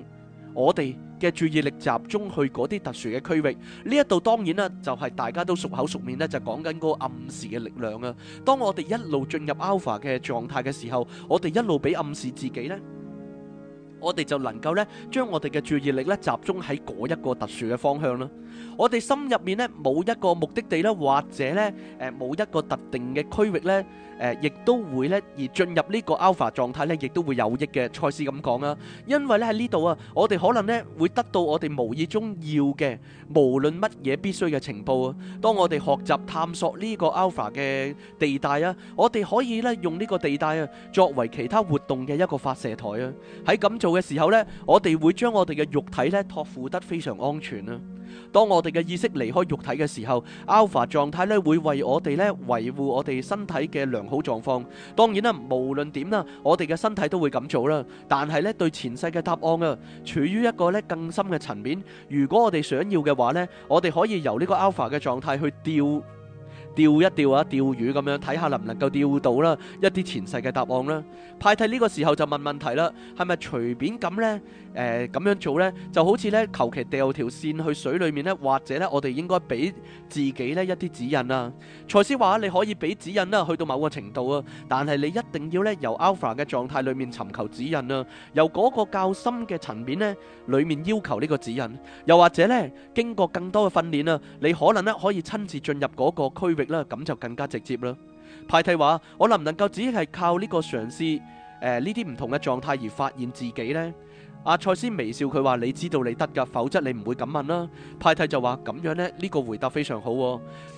我哋嘅注意力集中去嗰啲特殊嘅區域，呢一度當然啦，就係大家都熟口熟面咧，就講緊嗰個暗示嘅力量啊。當我哋一路進入 alpha 嘅狀態嘅時候，我哋一路俾暗示自己咧，我哋就能夠咧將我哋嘅注意力咧集中喺嗰一個特殊嘅方向啦。我哋心入面咧冇一個目的地啦，或者咧誒冇一個特定嘅區域咧，誒亦都會咧而進入呢個 alpha 狀態咧，亦都會有益嘅。賽斯咁講啦，因為咧喺呢度啊，我哋可能咧會得到我哋無意中要嘅，無論乜嘢必須嘅情報啊。當我哋學習探索呢個 alpha 嘅地帶啊，我哋可以咧用呢個地帶啊作為其他活動嘅一個發射台啊。喺咁做嘅時候咧，我哋會將我哋嘅肉體咧託付得非常安全啊。當我哋嘅意識離開肉體嘅時候，alpha 狀態咧會為我哋咧維護我哋身體嘅良好狀況。當然啦，無論點啦，我哋嘅身體都會咁做啦。但係咧對前世嘅答案啊，處於一個咧更深嘅層面，如果我哋想要嘅話咧，我哋可以由呢個 alpha 嘅狀態去調釣一釣啊，釣魚咁樣睇下能唔能夠釣到啦，一啲前世嘅答案啦。派蒂呢個時候就問問題啦，係咪隨便咁咧？誒、呃、咁樣做咧，就好似咧求其掉條線去水裏面咧，或者咧我哋應該俾自己咧一啲指引啊，賽斯話你可以俾指引啦，去到某個程度啊，但係你一定要咧由 alpha 嘅狀態裏面尋求指引啊，由個較深嘅層面咧裏面要求呢個指引，又或者咧經過更多嘅訓練啊，你可能咧可以親自進入個區域。咁就更加直接啦。派替話：我能唔能夠只係靠呢個嘗試誒，呢啲唔同嘅狀態而發現自己咧？阿蔡、啊、斯微笑，佢話，你知道你得㗎，否則你唔會咁問啦。派蒂就話，咁樣咧，呢、呢個回答非常好。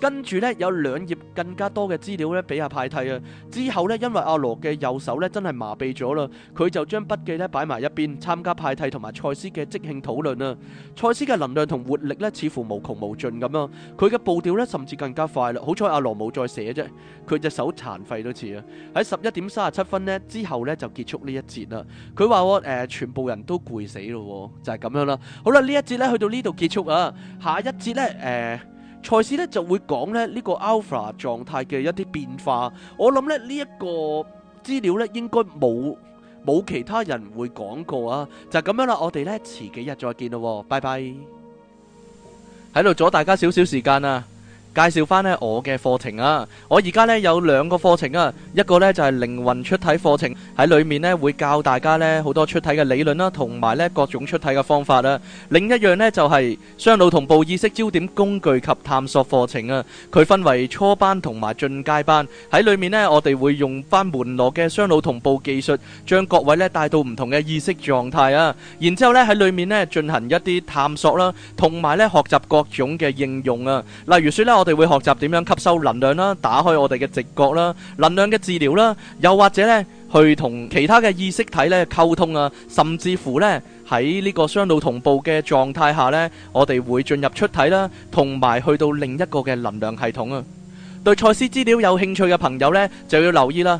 跟住咧，有兩頁更加多嘅資料咧，俾阿派蒂啊。之後咧，因為阿羅嘅右手咧真係麻痹咗啦，佢就將筆記咧擺埋一邊，參加派蒂同埋蔡斯嘅即興討論啊。蔡斯嘅能量同活力咧，似乎無窮無盡咁啊。佢嘅步調咧，甚至更加快啦。好彩阿羅冇再寫啫，佢隻手殘廢都似啊。喺十一點三十七分咧之後咧，就結束呢一節啦。佢話我誒、呃、全部人都。都攰死咯，就係、是、咁樣啦。好啦，一節呢一節咧去到呢度結束啊。下一節咧，誒、呃，賽斯咧就會講咧呢、這個 Alpha 狀態嘅一啲變化。我諗咧呢一、這個資料咧應該冇冇其他人會講過啊。就咁、是、樣啦，我哋咧遲幾日再見咯。拜拜，喺度阻大家少少時間啊。介紹翻咧我嘅課程啊！我而家咧有兩個課程啊，一個咧就係靈魂出體課程，喺裏面咧會教大家咧好多出體嘅理論啦，同埋咧各種出體嘅方法啦。另一樣咧就係雙腦同步意識焦點工具及探索課程啊。佢分為初班同埋進階班，喺裏面咧我哋會用翻門羅嘅雙腦同步技術，將各位咧帶到唔同嘅意識狀態啊。然之後咧喺裏面咧進行一啲探索啦，同埋咧學習各種嘅應用啊。例如説咧我。我哋會學習點樣吸收能量啦，打開我哋嘅直覺啦，能量嘅治療啦，又或者咧，去同其他嘅意識體咧溝通啊，甚至乎咧喺呢個雙腦同步嘅狀態下咧，我哋會進入出體啦，同埋去到另一個嘅能量系統啊。對賽斯資料有興趣嘅朋友咧，就要留意啦。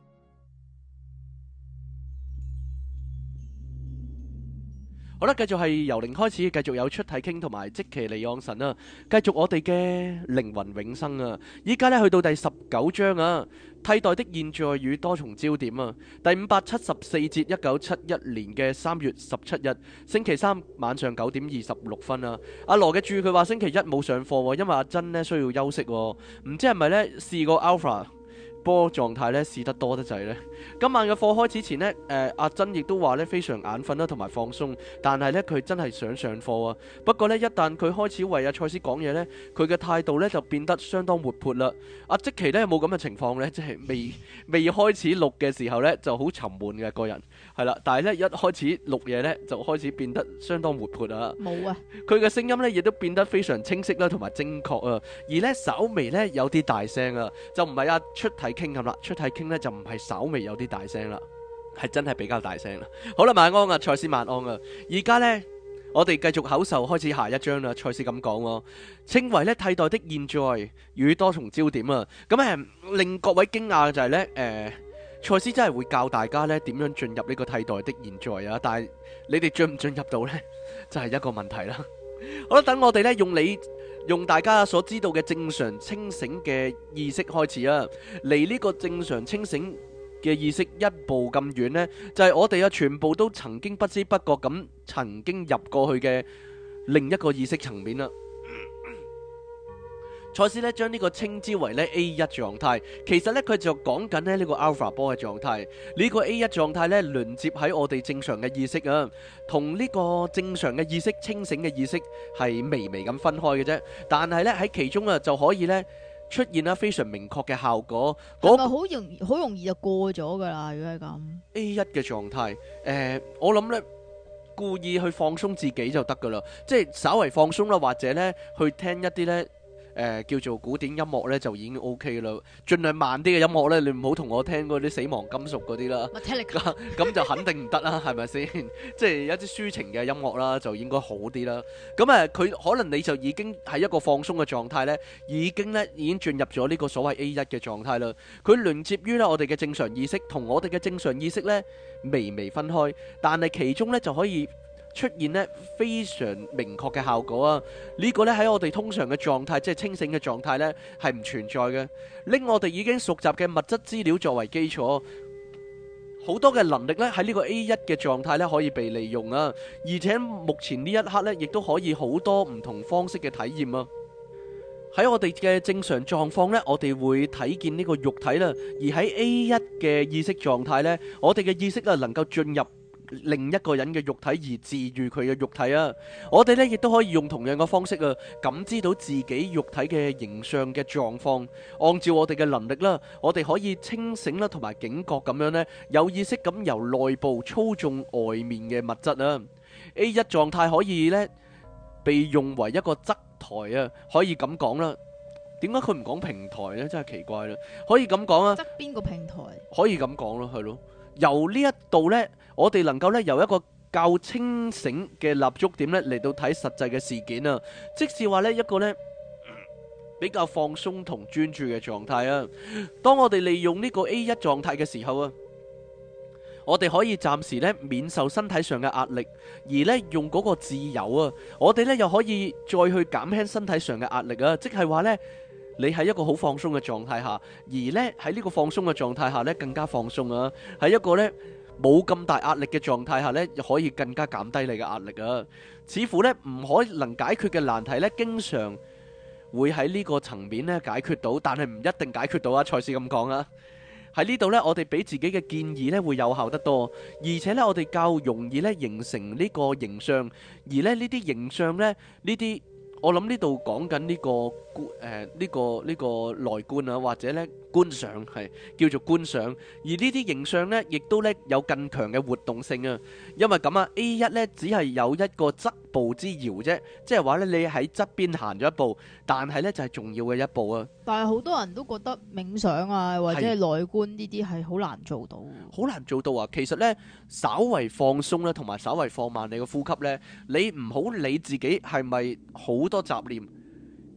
好啦，繼續係由零開始，繼續有出體傾同埋即奇利養神啊，繼續我哋嘅靈魂永生啊！依家咧去到第十九章啊，替代的現在與多重焦點啊，第五百七十四節，一九七一年嘅三月十七日，星期三晚上九點二十六分啊。阿羅嘅注，佢話星期一冇上課，哦，因為阿珍呢需要休息，哦，唔知係咪呢？試過 alpha。波狀態咧試得多得滯咧，今晚嘅課開始前呢，誒、呃、阿珍亦都話咧非常眼瞓啦，同埋放鬆，但係咧佢真係想上課啊。不過咧，一旦佢開始為阿賽斯講嘢咧，佢嘅態度咧就變得相當活潑啦。阿積奇咧有冇咁嘅情況咧？即係未未開始錄嘅時候咧就好沉悶嘅一個人。係啦，但係咧一開始錄嘢咧就開始變得相當活潑啊！冇啊，佢嘅聲音咧亦都變得非常清晰啦，同埋精確啊。而咧稍微咧有啲大聲啊，就唔係阿出體傾咁啦，出體傾咧就唔係稍微有啲大聲啦，係真係比較大聲啦。好啦，晚安啊，蔡司晚安啊。而家咧，我哋繼續口授開始下一章啦。蔡司咁講，啊，稱為咧替代的現在與多重焦點啊。咁誒、呃、令各位驚訝嘅就係咧，誒、呃。呃賽斯真係會教大家呢，點樣進入呢個替代的現在啊，但係你哋進唔進入到呢，就係、是、一個問題啦。我 諗，等我哋呢用你用大家所知道嘅正常清醒嘅意識開始啊，離呢個正常清醒嘅意識一步咁遠呢，就係、是、我哋啊全部都曾經不知不覺咁曾經入過去嘅另一個意識層面啦。賽斯咧將呢個稱之為咧 A 一狀態，其實咧佢就講緊咧呢個 alpha 波嘅狀態。呢個 A 一狀態咧連接喺我哋正常嘅意識啊，同呢個正常嘅意識清醒嘅意識係微微咁分開嘅啫。但係咧喺其中啊就可以咧出現啊非常明確嘅效果。咁啊好容好容易就過咗噶啦，如果係咁 A 一嘅狀態，誒，我諗咧故意去放鬆自己就得噶啦，即係稍為放鬆啦，或者咧去聽一啲咧。誒、呃，叫做古典音樂咧就已經 OK 啦，盡量慢啲嘅音樂咧，你唔好同我聽嗰啲死亡金屬嗰啲啦，咁 就肯定唔得啦，係咪先？ 即係一啲抒情嘅音樂啦，就應該好啲啦。咁啊，佢、呃、可能你就已經喺一個放鬆嘅狀態咧，已經咧已經進入咗呢個所謂 A 一嘅狀態啦。佢連接於咧我哋嘅正常意識，同我哋嘅正常意識咧微微分開，但係其中咧就可以，出現咧非常明確嘅效果啊！呢個咧喺我哋通常嘅狀態，即係清醒嘅狀態咧，係唔存在嘅。拎我哋已經熟習嘅物質資料作為基礎，好多嘅能力咧喺呢個 A 一嘅狀態咧可以被利用啊！而且目前呢一刻咧，亦都可以好多唔同方式嘅體驗啊！喺我哋嘅正常狀況咧，我哋會睇見呢個肉體啦，而喺 A 一嘅意識狀態咧，我哋嘅意識啊能夠進入。另一個人嘅肉體而治愈佢嘅肉體啊！我哋咧亦都可以用同樣嘅方式啊，感知到自己肉體嘅形象嘅狀況。按照我哋嘅能力啦，我哋可以清醒啦，同埋警覺咁樣咧，有意識咁由內部操縱外面嘅物質啊。A 一狀態可以咧被用為一個側台啊，可以咁講啦。點解佢唔講平台咧？真係奇怪啦。可以咁講啊。側邊個平台。可以咁講咯，係咯。由呢一度呢，我哋能夠咧由一個較清醒嘅立足點咧嚟到睇實際嘅事件啊，即是話呢一個呢，比較放鬆同專注嘅狀態啊。當我哋利用呢個 A 一狀態嘅時候啊，我哋可以暫時咧免受身體上嘅壓力，而咧用嗰個自由啊，我哋呢又可以再去減輕身體上嘅壓力啊，即係話呢。你喺一個好放鬆嘅狀態下，而咧喺呢個放鬆嘅狀態下咧，更加放鬆啊！喺一個咧冇咁大壓力嘅狀態下咧，又可以更加減低你嘅壓力啊！似乎咧唔可能解決嘅難題咧，經常會喺呢個層面咧解決到，但係唔一定解決到啊！賽斯咁講啊，喺呢度咧，我哋俾自己嘅建議咧，會有效得多，而且咧我哋較容易咧形成呢個形象，而咧呢啲形象咧呢啲。我諗呢度講緊、這、呢個、呃這個這個、來觀誒呢個呢個內觀啊，或者咧觀賞係叫做觀賞，而呢啲形象呢，亦都咧有更強嘅活動性啊，因為咁啊 A 一呢，只係有一個質。步之遙啫，即係話咧，你喺側邊行咗一步，但係咧就係、是、重要嘅一步啊！但係好多人都覺得冥想啊，或者係內觀呢啲係好難做到，好難做到啊！其實呢，稍微放鬆咧、啊，同埋稍微放慢你嘅呼吸呢，你唔好理自己係咪好多雜念。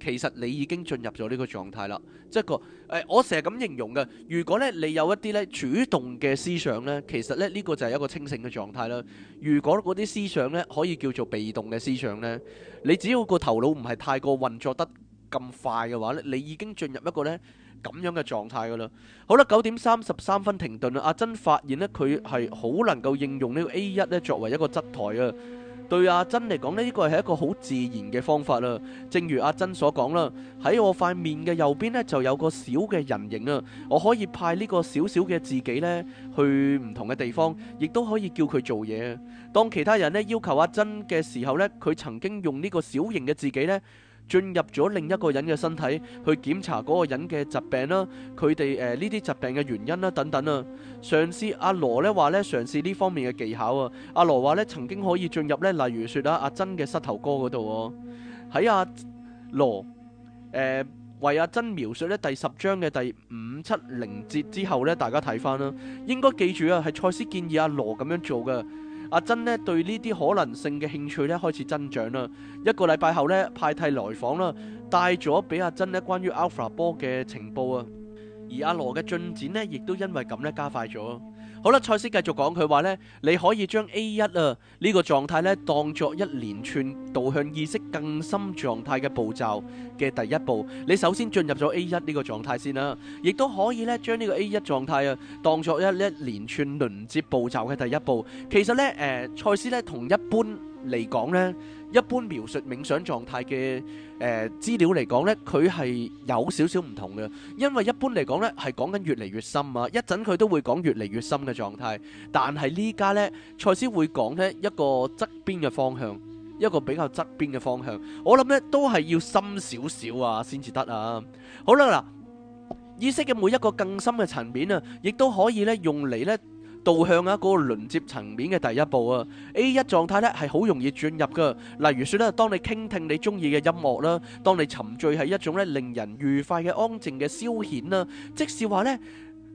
其實你已經進入咗呢個狀態啦，即係個誒，我成日咁形容嘅。如果咧你有一啲咧主動嘅思想咧，其實咧呢個就係一個清醒嘅狀態啦。如果嗰啲思想咧可以叫做被動嘅思想咧，你只要個頭腦唔係太過運作得咁快嘅話咧，你已經進入一個咧咁樣嘅狀態噶啦。好啦，九點三十三分停頓啦，阿珍發現呢，佢係好能夠應用呢個 A 一咧作為一個質台啊。對阿珍嚟講咧，呢個係一個好自然嘅方法啦。正如阿珍所講啦，喺我塊面嘅右邊呢，就有個小嘅人形啊。我可以派呢個小小嘅自己呢，去唔同嘅地方，亦都可以叫佢做嘢。當其他人咧要求阿珍嘅時候呢，佢曾經用呢個小型嘅自己呢。進入咗另一個人嘅身體去檢查嗰個人嘅疾病啦、啊，佢哋誒呢啲疾病嘅原因啦、啊，等等啊，嘗試阿羅呢話呢，嘗試呢方面嘅技巧啊，阿羅話呢，曾經可以進入呢，例如説啊，阿珍嘅膝頭哥嗰度喎，喺阿羅誒、呃、為阿珍描述呢第十章嘅第五七零節之後呢，大家睇返啦，應該記住啊，係賽斯建議阿羅咁樣做嘅。阿珍咧對呢啲可能性嘅興趣咧開始增長啦。一個禮拜後咧，派替來訪啦，帶咗俾阿珍咧關於 Alpha 波嘅情報啊。而阿羅嘅進展咧，亦都因為咁咧加快咗。好啦，賽斯繼續講，佢話呢，你可以將 A 一啊呢個狀態咧，當作一連串導向意識更深狀態嘅步驟嘅第一步。你首先進入咗 A 一呢個狀態先啦，亦都可以呢將呢個 A 一狀態啊當作一一連串輪接步驟嘅第一步。其實呢，誒、呃，賽斯咧同一般嚟講呢。一般描述冥想狀態嘅，誒、呃、資料嚟講呢，佢係有少少唔同嘅。因為一般嚟講呢，係講緊越嚟越深啊，一陣佢都會講越嚟越深嘅狀態，但係呢家呢，賽斯會講呢一個側邊嘅方向，一個比較側邊嘅方向，我諗呢都係要深少少啊，先至得啊。好啦嗱，意識嘅每一個更深嘅層面啊，亦都可以呢用嚟呢。導向啊嗰個連接層面嘅第一步啊，A 一狀態咧係好容易進入噶。例如說咧，當你傾聽你鍾意嘅音樂啦，當你沉醉係一種咧令人愉快嘅安靜嘅消遣啦，即係話咧，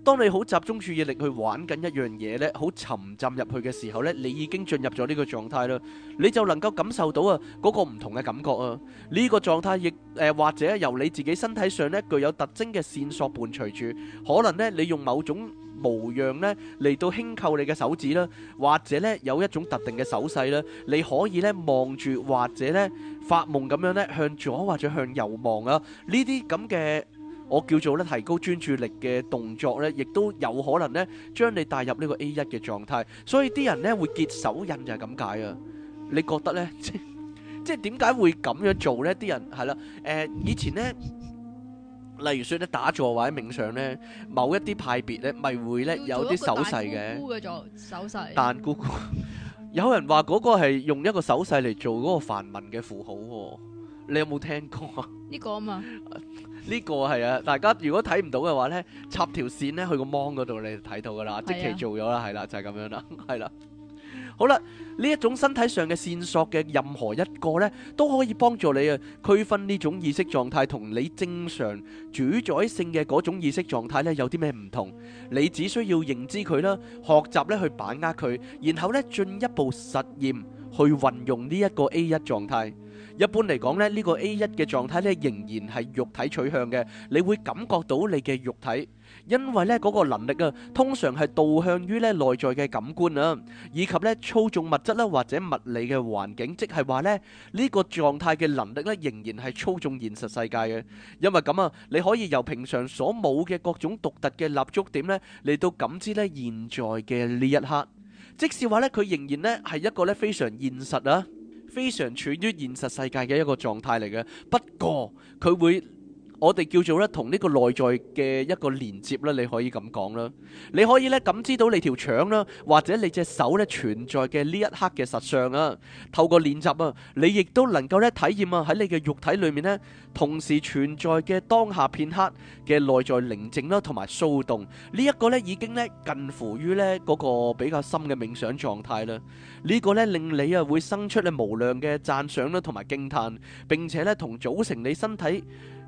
當你好集中注意力去玩緊一樣嘢咧，好沉浸入去嘅時候咧，你已經進入咗呢個狀態啦，你就能夠感受到啊嗰個唔同嘅感覺啊。呢個狀態亦誒或者由你自己身體上咧具有特徵嘅線索伴隨住，可能咧你用某種模樣呢嚟到輕扣你嘅手指啦，或者呢有一種特定嘅手勢啦，你可以呢望住或者呢發夢咁樣呢向左或者向右望啊，呢啲咁嘅我叫做呢提高專注力嘅動作呢，亦都有可能呢將你帶入呢個 A 一嘅狀態，所以啲人呢會結手印就係咁解啊！你覺得呢？即係點解會咁樣做呢？啲人係啦，誒、呃、以前呢。例如說咧，打坐或者冥想咧，某一啲派別咧，咪會咧有啲手勢嘅。但 Google 有人話嗰個係用一個手勢嚟做嗰個梵文嘅符號，你有冇聽過啊？呢 個啊嘛，呢 個係啊！大家如果睇唔到嘅話咧，插條線咧去個芒嗰度，你就睇到噶啦，即期做咗啦，係啦、啊，就係、是、咁樣啦，係啦、啊。好啦，呢一種身體上嘅線索嘅任何一個呢，都可以幫助你啊區分呢種意識狀態同你正常主宰性嘅嗰種意識狀態呢，有啲咩唔同？你只需要認知佢啦，學習咧去把握佢，然後咧進一步實驗去運用呢一個 A 一狀態。一般嚟講呢，呢、呢個 A 一嘅狀態呢，仍然係肉體取向嘅，你會感覺到你嘅肉體。因為咧呢個能力啊，通常係導向於咧內在嘅感官啊，以及咧操縱物質啦或者物理嘅環境，即係話咧呢個狀態嘅能力咧仍然係操縱現實世界嘅。因為咁啊，你可以由平常所冇嘅各種獨特嘅立足點咧嚟到感知咧現在嘅呢一刻，即使話咧佢仍然咧係一個咧非常現實啊，非常處於現實世界嘅一個狀態嚟嘅。不過佢會。我哋叫做咧同呢個內在嘅一個連接咧，你可以咁講啦。你可以咧感知到你條腸啦，或者你隻手咧存在嘅呢一刻嘅實相啊。透過練習啊，你亦都能夠咧體驗啊喺你嘅肉體裏面呢，同時存在嘅當下片刻嘅內在寧靜啦，同埋騷動呢一個呢，已經呢近乎於呢嗰個比較深嘅冥想狀態啦。呢個呢，令你啊會生出咧無量嘅讚賞啦，同埋驚嘆，並且呢，同組成你身體。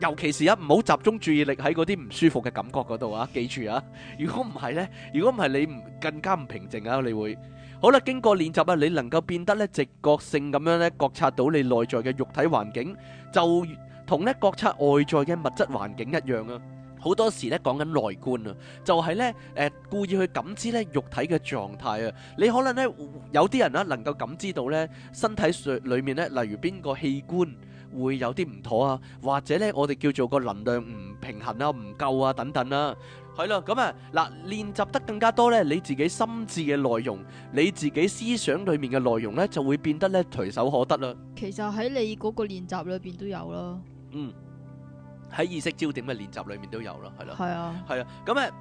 尤其是啊，唔好集中注意力喺嗰啲唔舒服嘅感覺嗰度啊！記住啊，如果唔係咧，如果唔係你唔更加唔平靜啊，你會好啦。經過練習啊，你能夠變得咧直覺性咁樣咧，覺察到你內在嘅肉體環境，就同咧覺察外在嘅物質環境一樣啊！好多時咧講緊內觀啊，就係咧誒故意去感知咧肉體嘅狀態啊！你可能咧有啲人啊能夠感知到咧身體裏面咧，例如邊個器官。會有啲唔妥啊，或者呢，我哋叫做個能量唔平衡啊，唔夠啊，等等啦，係咯，咁啊，嗱，練習、啊、得更加多呢，你自己心智嘅內容，你自己思想裏面嘅內容呢，就會變得呢隨手可得啦。其實喺你嗰個練習裏邊都有啦。嗯。喺意識焦點嘅練習裏面都有咯，係咯，係啊，係啊，咁誒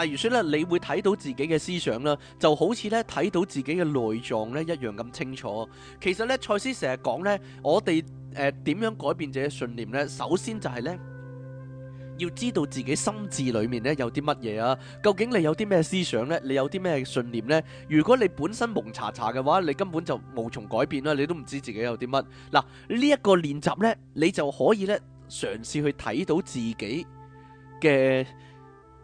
嗱，例如説咧，你會睇到自己嘅思想啦，就好似咧睇到自己嘅內臟咧一樣咁清楚。其實咧，賽斯成日講咧，我哋誒點樣改變自己嘅信念咧，首先就係咧要知道自己心智裏面咧有啲乜嘢啊，究竟你有啲咩思想咧，你有啲咩信念咧？如果你本身蒙查查嘅話，你根本就無從改變啦，你都唔知自己有啲乜。嗱，呢一個練習咧，你就可以咧。嘗試去睇到自己嘅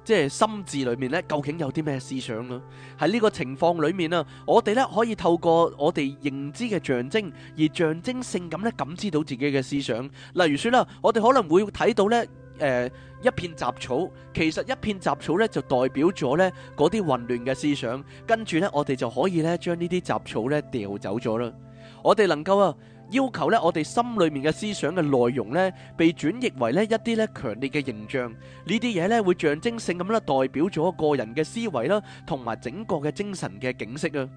即係心智裏面咧，究竟有啲咩思想咯，啊。喺呢個情況裏面啊，我哋咧可以透過我哋認知嘅象徵而象徵性咁咧，感知到自己嘅思想。例如說啦，我哋可能會睇到咧，誒、呃、一片雜草，其實一片雜草咧就代表咗咧嗰啲混亂嘅思想，跟住咧我哋就可以咧將呢啲雜草咧掉走咗啦。我哋能夠啊～要求咧，我哋心裏面嘅思想嘅內容咧，被轉譯為咧一啲咧強烈嘅形象，呢啲嘢咧會象徵性咁啦，代表咗個人嘅思維啦，同埋整個嘅精神嘅景色啊。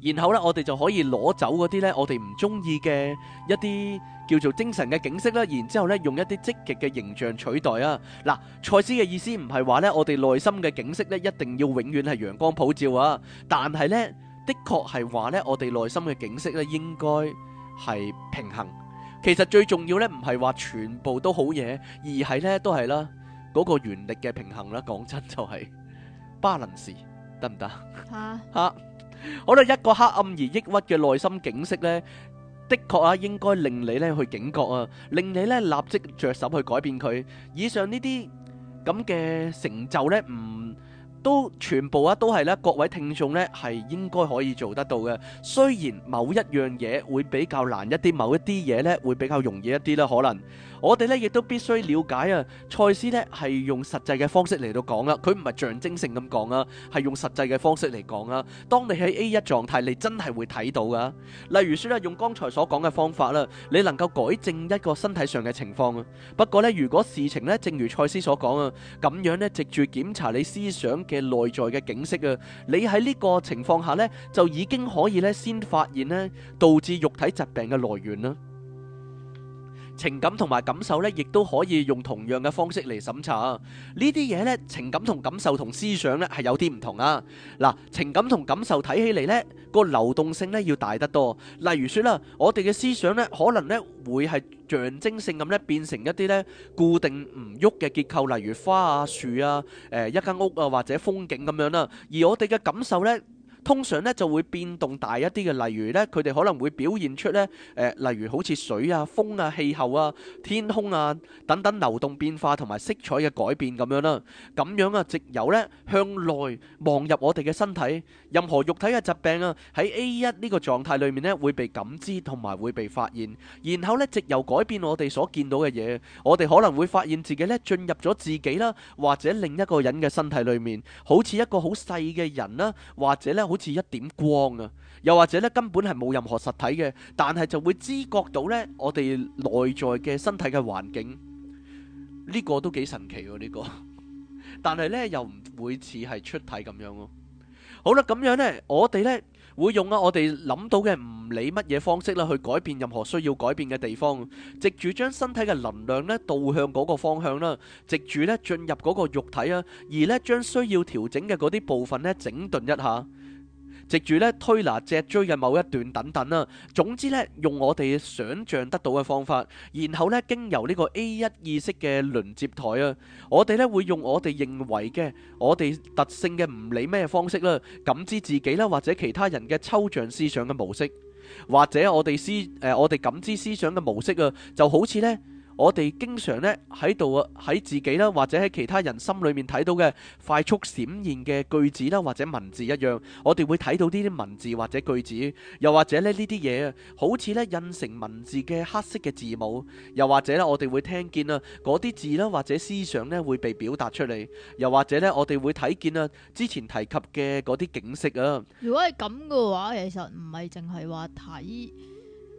然後咧，我哋就可以攞走嗰啲咧，我哋唔中意嘅一啲叫做精神嘅景色啦。然之後咧，用一啲積極嘅形象取代啊。嗱，賽斯嘅意思唔係話咧，我哋內心嘅景色咧一定要永遠係陽光普照啊，但係咧。的確係話咧，我哋內心嘅景色咧，應該係平衡。其實最重要咧，唔係話全部都好嘢，而係咧都係啦，嗰個原力嘅平衡啦。講真就係，balance 得唔得？吓吓，好啦，可能一個黑暗而抑鬱嘅內心景色咧，的確啊，應該令你咧去警覺啊，令你咧立即着手去改變佢。以上呢啲咁嘅成就咧，唔。都全部啊，都係咧，各位聽眾咧係應該可以做得到嘅。雖然某一樣嘢會比較難一啲，某一啲嘢咧會比較容易一啲啦，可能。我哋咧亦都必須了解啊，賽斯咧係用實際嘅方式嚟到講啊，佢唔係象徵性咁講啊，係用實際嘅方式嚟講啊。當你喺 A 一狀態，你真係會睇到噶。例如說咧，用剛才所講嘅方法啦，你能夠改正一個身體上嘅情況啊。不過咧，如果事情咧正如賽斯所講啊，咁樣咧藉住檢查你思想嘅內在嘅景色啊，你喺呢個情況下咧就已經可以咧先發現咧導致肉體疾病嘅來源啦。情感同埋感受咧，亦都可以用同樣嘅方式嚟審查啊！呢啲嘢咧，情感同感受同思想咧，係有啲唔同啊。嗱，情感同感受睇起嚟咧，個流動性咧要大得多。例如說啦，我哋嘅思想咧，可能咧會係象徵性咁咧變成一啲咧固定唔喐嘅結構，例如花啊、樹啊、誒一間屋啊或者風景咁樣啦。而我哋嘅感受咧，通常咧就會變動大一啲嘅，例如咧佢哋可能會表現出咧，誒例如好似水啊、風啊、氣候啊、天空啊等等流動變化同埋色彩嘅改變咁樣啦。咁樣啊，藉由咧向內望入我哋嘅身體，任何肉體嘅疾病啊喺 A 一呢個狀態裏面咧會被感知同埋會被發現，然後咧藉由改變我哋所見到嘅嘢，我哋可能會發現自己咧進入咗自己啦，或者另一個人嘅身體裏面，好似一個好細嘅人啦，或者咧好似一點光啊，又或者咧根本係冇任何實體嘅，但係就會知覺到咧我哋內在嘅身體嘅環境，呢個都幾神奇喎，呢個，但係咧又唔會似係出體咁樣咯。好啦，咁樣咧，我哋咧會用啊我哋諗到嘅唔理乜嘢方式啦，去改變任何需要改變嘅地方，藉住將身體嘅能量咧導向嗰個方向啦，藉住咧進入嗰個肉體啊，而咧將需要調整嘅嗰啲部分咧整頓一下。藉住咧推拿脊椎嘅某一段等等啦，總之咧用我哋想象得到嘅方法，然後咧經由呢個 A 一意識嘅聯接台啊，我哋咧會用我哋認為嘅我哋特性嘅唔理咩方式啦，感知自己啦，或者其他人嘅抽象思想嘅模式，或者我哋思誒我哋感知思想嘅模式啊，就好似咧。我哋經常咧喺度啊，喺自己啦，或者喺其他人心裏面睇到嘅快速閃現嘅句子啦，或者文字一樣，我哋會睇到呢啲文字或者句子，又或者咧呢啲嘢好似咧印成文字嘅黑色嘅字母，又或者咧我哋會聽見啊嗰啲字啦，或者思想呢會被表達出嚟，又或者呢，我哋會睇見啊之前提及嘅嗰啲景色啊。如果係咁嘅話，其實唔係淨係話睇。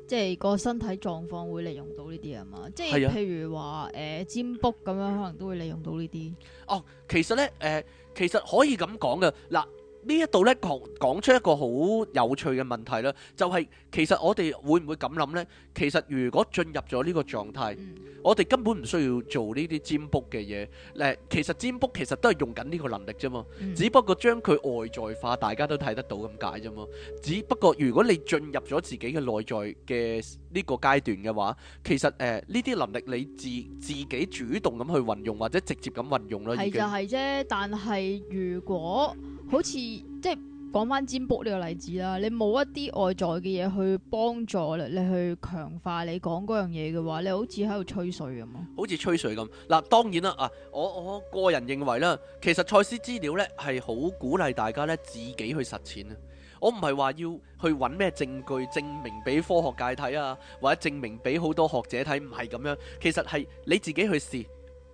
即係個身體狀況會利用到呢啲啊嘛，即係譬如話誒，占、呃、卜咁樣可能都會利用到呢啲。哦，其實咧誒、呃，其實可以咁講嘅嗱。呢一度咧講講出一個好有趣嘅問題啦，就係、是、其實我哋會唔會咁諗呢？其實如果進入咗呢個狀態，嗯、我哋根本唔需要做呢啲占卜嘅嘢。誒、呃，其實占卜其實都係用緊呢個能力啫嘛，嗯、只不過將佢外在化，大家都睇得到咁解啫嘛。只不過如果你進入咗自己嘅內在嘅呢個階段嘅話，其實誒呢啲能力你自自己主動咁去運用或者直接咁運用咯，係就係、是、啫經。但係如果好似即係講翻占卜呢個例子啦，你冇一啲外在嘅嘢去幫助你，去強化你講嗰樣嘢嘅話，你好似喺度吹水咁啊！好似吹水咁嗱，當然啦啊，我我個人認為咧，其實賽斯資料呢係好鼓勵大家呢自己去實踐啊。我唔係話要去搵咩證據證明俾科學界睇啊，或者證明俾好多學者睇唔係咁樣，其實係你自己去試。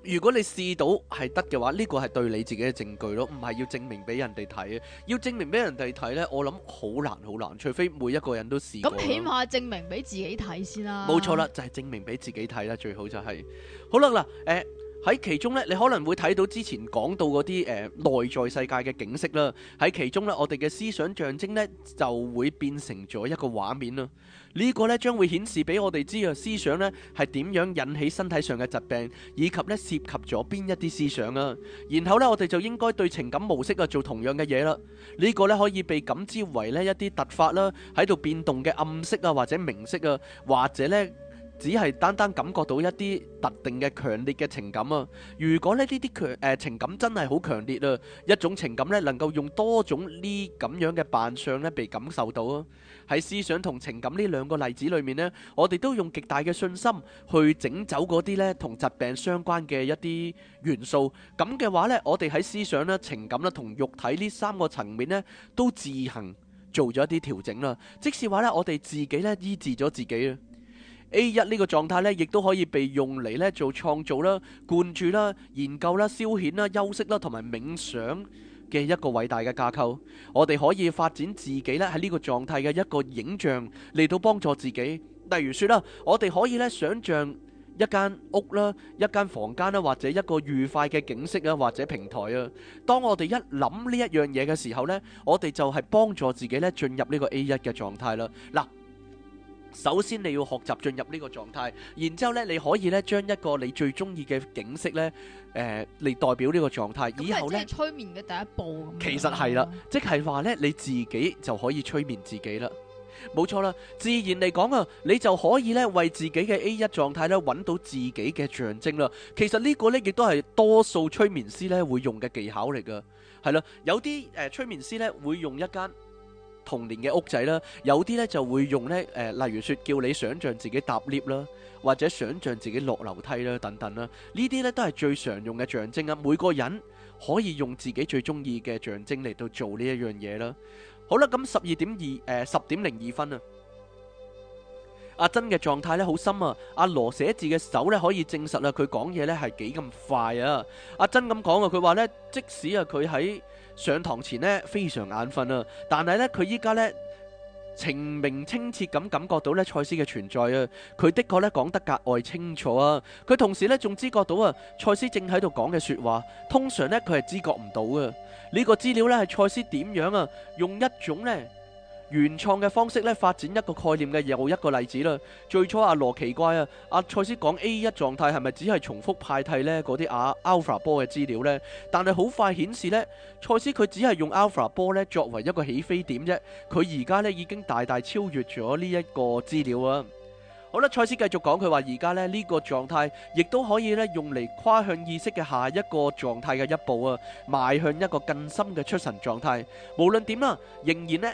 如果你試到係得嘅話，呢個係對你自己嘅證據咯，唔係要證明俾人哋睇嘅。要證明俾人哋睇呢，我諗好難好難，除非每一個人都試。咁起碼證明俾自己睇先啦。冇錯啦，就係證明俾自己睇啦，最好就係。好啦嗱，誒。喺其中咧，你可能會睇到之前講到嗰啲誒內在世界嘅景色啦。喺其中咧，我哋嘅思想象徵咧就會變成咗一個畫面啦。呢個咧將會顯示俾我哋知啊，思想咧係點樣引起身體上嘅疾病，以及咧涉及咗邊一啲思想啊。然後咧，我哋就應該對情感模式啊做同樣嘅嘢啦。呢個咧可以被感知為呢一啲突發啦，喺度變動嘅暗色啊，或者明色啊，或者咧。只係單單感覺到一啲特定嘅強烈嘅情感啊！如果呢呢啲強誒、呃、情感真係好強烈啊，一種情感呢能夠用多種呢咁樣嘅扮相呢被感受到啊！喺思想同情感呢兩個例子裏面呢，我哋都用極大嘅信心去整走嗰啲呢同疾病相關嘅一啲元素。咁嘅話呢，我哋喺思想咧、情感咧同肉體呢三個層面呢都自行做咗一啲調整啦。即係話呢，我哋自己呢醫治咗自己啊！A 一呢個狀態呢，亦都可以被用嚟，呢做創造啦、灌注啦、研究啦、消遣啦、休息啦同埋冥想嘅一個偉大嘅架構。我哋可以發展自己呢喺呢個狀態嘅一個影像嚟到幫助自己。例如說啦，我哋可以呢想象一間屋啦、一間房間啦或者一個愉快嘅景色啊或者平台啊。當我哋一諗呢一樣嘢嘅時候呢，我哋就係幫助自己呢進入呢個 A 一嘅狀態啦。嗱。首先你要學習進入呢個狀態，然之後咧你可以咧將一個你最中意嘅景色咧，誒、呃、嚟代表呢個狀態，以後咧催眠嘅第一步。其實係啦，即係話咧你自己就可以催眠自己啦，冇錯啦。自然嚟講啊，你就可以咧為自己嘅 A 一狀態咧揾到自己嘅象徵啦。其實呢個咧亦都係多數催眠師咧會用嘅技巧嚟噶，係啦，有啲誒催眠師咧會用一間。童年嘅屋仔啦，有啲咧就會用咧，誒、呃，例如説叫你想象自己搭 lift 啦，或者想象自己落樓梯啦，等等啦，呢啲咧都係最常用嘅象徵啊！每個人可以用自己最中意嘅象徵嚟到做呢一樣嘢啦。好啦，咁十二點二、呃，誒十點零二分啊！阿珍嘅狀態咧好深啊！阿羅寫字嘅手咧可以證實啦，啊，佢講嘢咧係幾咁快啊！阿珍咁講啊，佢話咧，即使啊佢喺上堂前呢，非常眼瞓啊，但係呢，佢依家呢，澄明清澈咁感覺到呢賽斯嘅存在啊，佢的確呢，講得格外清楚啊，佢同時呢，仲知覺到啊賽斯正喺度講嘅説話，通常呢，佢係知覺唔到啊，呢、呢個資料呢，係賽斯點樣啊用一種呢，原創嘅方式咧，發展一個概念嘅又一個例子啦。最初阿、啊、羅奇怪啊，阿、啊、賽斯講 A 一狀態係咪只係重複派替呢嗰啲阿 Alpha 波嘅資料呢？但係好快顯示呢，賽斯佢只係用 Alpha 波咧作為一個起飛點啫。佢而家呢已經大大超越咗呢一個資料啊。好啦，賽斯繼續講，佢話而家呢呢、這個狀態亦都可以咧用嚟跨向意識嘅下一個狀態嘅一步啊，邁向一個更深嘅出神狀態。無論點啦，仍然呢。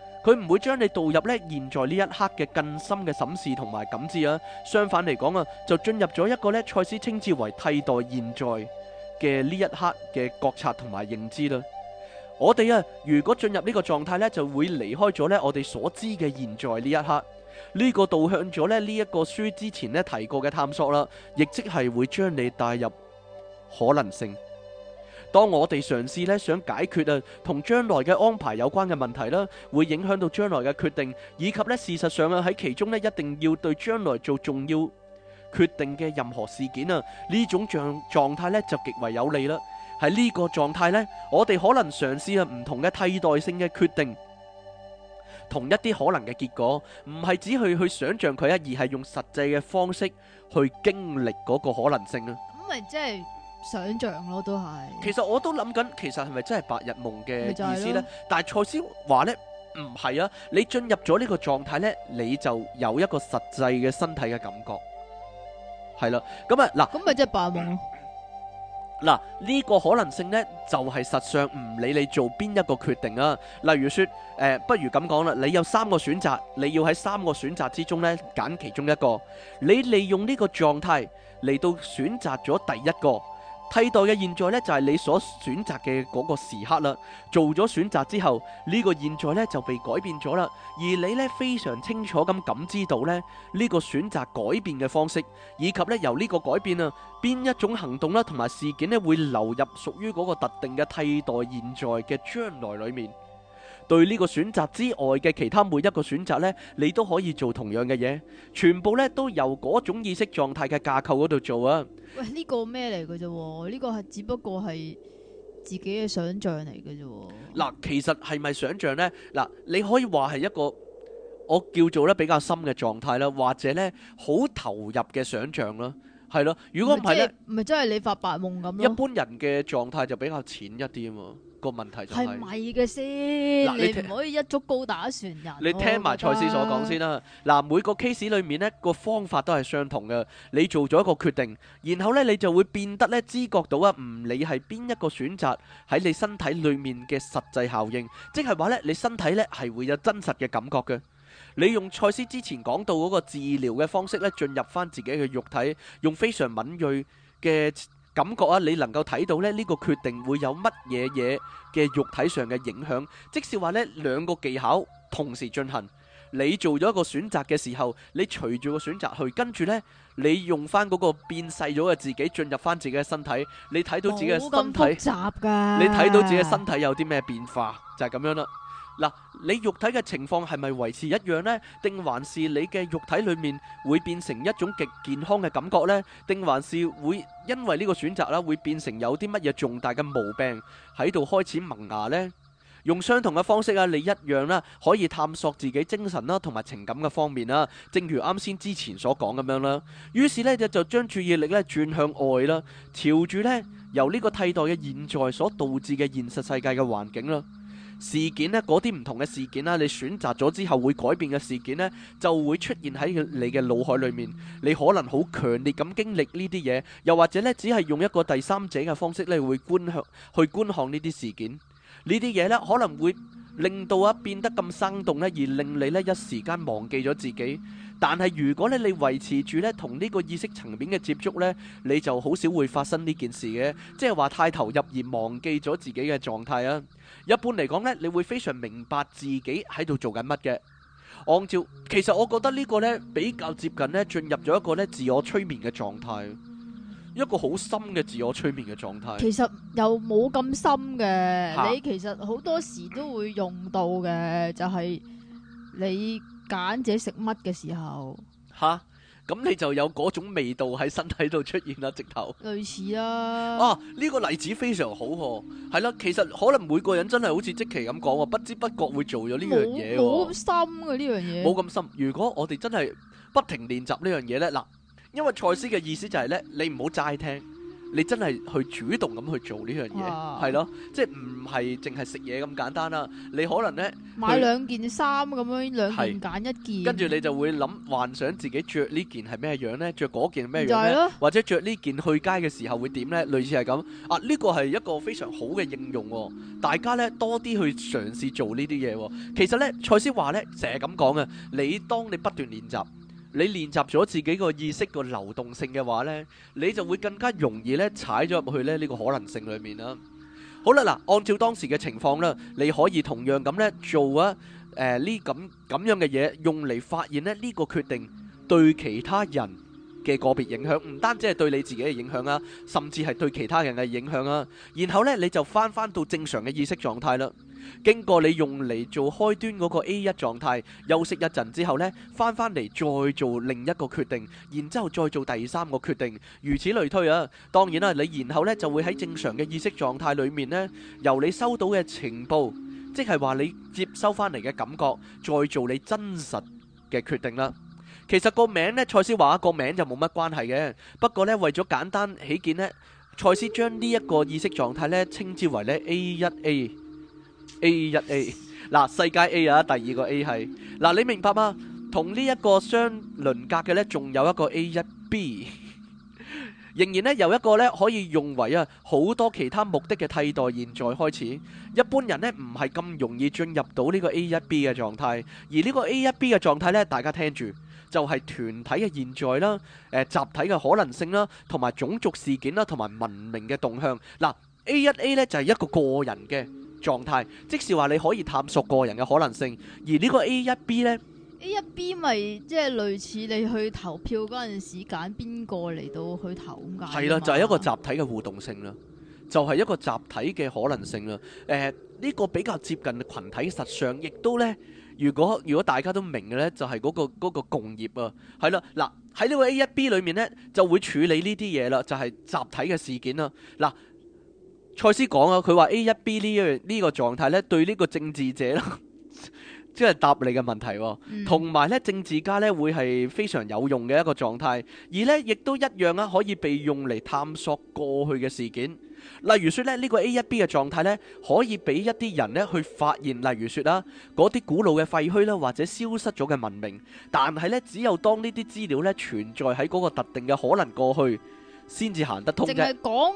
佢唔會將你導入咧現在呢一刻嘅更深嘅審視同埋感知啊，相反嚟講啊，就進入咗一個咧賽斯稱之為替代現在嘅呢一刻嘅覺察同埋認知啦。我哋啊，如果進入呢個狀態咧，就會離開咗咧我哋所知嘅現在呢一刻，呢個導向咗咧呢一個書之前咧提過嘅探索啦，亦即係會將你帶入可能性。當我哋嘗試咧想解決啊同將來嘅安排有關嘅問題啦，會影響到將來嘅決定，以及咧事實上啊喺其中咧一定要對將來做重要決定嘅任何事件啊呢種狀狀態咧就極為有利啦。喺呢個狀態咧，我哋可能嘗試啊唔同嘅替代性嘅決定，同一啲可能嘅結果，唔係只去去想象佢啊，而係用實際嘅方式去經歷嗰個可能性啊。咁咪即係？想象咯，都係其實我都諗緊，其實係咪真係白日夢嘅意思呢？但係賽斯話呢，唔係啊，你進入咗呢個狀態呢，你就有一個實際嘅身體嘅感覺係啦。咁啊嗱，咁咪真係白日夢咯嗱？呢、嗯這個可能性呢，就係、是、實上唔理你做邊一個決定啊。例如說誒、呃，不如咁講啦，你有三個選擇，你要喺三個選擇之中呢揀其中一個。你利用呢個狀態嚟到選擇咗第一個。替代嘅現在呢，就係你所選擇嘅嗰個時刻啦。做咗選擇之後，呢個現在呢，就被改變咗啦。而你呢，非常清楚咁感知到呢，呢個選擇改變嘅方式，以及呢，由呢個改變啊，邊一種行動啦同埋事件呢，會流入屬於嗰個特定嘅替代現在嘅將來裡面。對呢個選擇之外嘅其他每一個選擇呢，你都可以做同樣嘅嘢，全部呢都由嗰種意識狀態嘅架構嗰度做啊！喂，呢個咩嚟嘅啫？呢個係只不過係自己嘅想象嚟嘅啫。嗱，其實係咪想象呢？嗱，你可以話係一個我叫做咧比較深嘅狀態啦，或者呢好投入嘅想象啦，係咯。如果唔係呢，唔係真係你發白夢咁樣？一般人嘅狀態就比較淺一啲啊嘛。個問題就係，係咪嘅先？你唔可以一竹篙打一船人。你聽埋賽斯所講先啦。嗱，每個 case 裏面咧，個方法都係相同嘅。你做咗一個決定，然後咧，你就會變得咧，知覺到啊，唔理係邊一個選擇喺你身體裏面嘅實際效應，即係話咧，你身體咧係會有真實嘅感覺嘅。你用賽斯之前講到嗰個治療嘅方式咧，進入返自己嘅肉體，用非常敏鋭嘅。感覺啊，你能夠睇到咧呢個決定會有乜嘢嘢嘅肉體上嘅影響，即是話咧兩個技巧同時進行，你做咗一個選擇嘅時候，你隨住個選擇去，跟住咧你用翻嗰個變細咗嘅自己進入翻自己嘅身體，你睇到自己嘅身體雜噶，你睇到自己嘅身體有啲咩變化，就係咁樣啦。嗱，你肉體嘅情況係咪維持一樣呢？定還是你嘅肉體裏面會變成一種極健康嘅感覺呢？定還是會因為呢個選擇啦，會變成有啲乜嘢重大嘅毛病喺度開始萌芽呢？用相同嘅方式啊，你一樣啦，可以探索自己精神啦同埋情感嘅方面啦。正如啱先之前所講咁樣啦，於是呢，就就將注意力咧轉向外啦，朝住呢由呢個替代嘅現在所導致嘅現實世界嘅環境啦。事件呢，嗰啲唔同嘅事件啦，你選擇咗之後會改變嘅事件呢，就會出現喺你嘅腦海裡面。你可能好強烈咁經歷呢啲嘢，又或者呢，只係用一個第三者嘅方式呢，會觀向去觀看呢啲事件。呢啲嘢呢，可能會令到啊變得咁生動呢，而令你呢一時間忘記咗自己。但係如果咧你維持住咧同呢個意識層面嘅接觸呢，你就好少會發生呢件事嘅，即係話太投入而忘記咗自己嘅狀態啊。一般嚟講呢，你會非常明白自己喺度做緊乜嘅。按照其實我覺得呢個呢比較接近呢進入咗一個咧自我催眠嘅狀態，一個好深嘅自我催眠嘅狀態。其實又冇咁深嘅，你其實好多時都會用到嘅，就係你。揀自己食乜嘅時候，吓咁、啊、你就有嗰種味道喺身體度出現啦，直 頭類似啊，哦，呢個例子非常好、啊，係啦。其實可能每個人真係好似積奇咁講，不知不覺會做咗呢樣嘢。冇咁深啊，呢樣嘢。冇咁深，深。如果我哋真係不停練習呢樣嘢咧，嗱，因為賽斯嘅意思就係咧，你唔好齋聽。你真係去主動咁去做呢樣嘢，係咯、啊，即係唔係淨係食嘢咁簡單啦？你可能咧買兩件衫咁樣的兩件揀一件，跟住你就會諗幻想自己着呢件係咩樣呢？着嗰件係咩樣？或者着呢件去街嘅時候會點呢？類似係咁啊！呢個係一個非常好嘅應用、哦，大家呢多啲去嘗試做呢啲嘢。其實呢，賽斯話呢成日咁講嘅，你當你不斷練習。你練習咗自己個意識個流動性嘅話咧，你就會更加容易咧踩咗入去咧呢個可能性裏面啦。好啦，嗱，按照當時嘅情況啦，你可以同樣咁咧做啊，誒呢咁咁樣嘅嘢，用嚟發現咧呢個決定對其他人嘅個別影響，唔單止係對你自己嘅影響啊，甚至係對其他人嘅影響啊。然後咧你就翻翻到正常嘅意識狀態啦。經過你用嚟做開端嗰個 A 一狀態休息一陣之後呢，翻翻嚟再做另一個決定，然之後再做第三個決定，如此類推啊。當然啦、啊，你然後呢就會喺正常嘅意識狀態裏面呢，由你收到嘅情報，即係話你接收翻嚟嘅感覺，再做你真實嘅決定啦。其實個名呢，賽斯話個名就冇乜關係嘅，不過呢，為咗簡單起見呢，賽斯將呢一個意識狀態呢稱之為呢 A 一 A。A 一 A 嗱世界 A 啊，第二個 A 係嗱，你明白嗎？同呢一個相鄰隔嘅咧，仲有一個 A 一 B，仍然咧有一個咧可以用為啊好多其他目的嘅替代。現在開始，一般人咧唔係咁容易進入到呢個 A 一 B 嘅狀態，而呢個 A 一 B 嘅狀態咧，大家聽住就係團體嘅現在啦，誒集體嘅可能性啦，同埋種族事件啦，同埋文明嘅動向。嗱 A 一 A 咧就係一個個人嘅狀態，即是話你可以探索個人嘅可能性，而呢個 A 一 B 呢 A 一 B 咪即係類似你去投票嗰陣時揀邊個嚟到去投咁解。係啦，就係、是、一個集體嘅互動性啦，就係、是、一個集體嘅可能性啦。誒、呃，呢、這個比較接近群體實相，亦都呢，如果如果大家都明嘅呢，就係、是、嗰、那個那個共業啊，係啦。嗱喺呢個 A 一 B 裏面呢，就會處理呢啲嘢啦，就係、是、集體嘅事件啦。嗱。賽斯講啊，佢話 A 一 B 呢樣呢個狀態咧，對呢個政治者即係 答你嘅問題、啊，同埋、嗯、呢政治家呢，會係非常有用嘅一個狀態，而呢亦都一樣啊，可以被用嚟探索過去嘅事件。例如說咧，呢、這個 A 一 B 嘅狀態呢，可以俾一啲人呢去發現。例如說啦，嗰啲古老嘅廢墟啦，或者消失咗嘅文明，但係呢，只有當呢啲資料呢存在喺嗰個特定嘅可能過去，先至行得通。淨係講。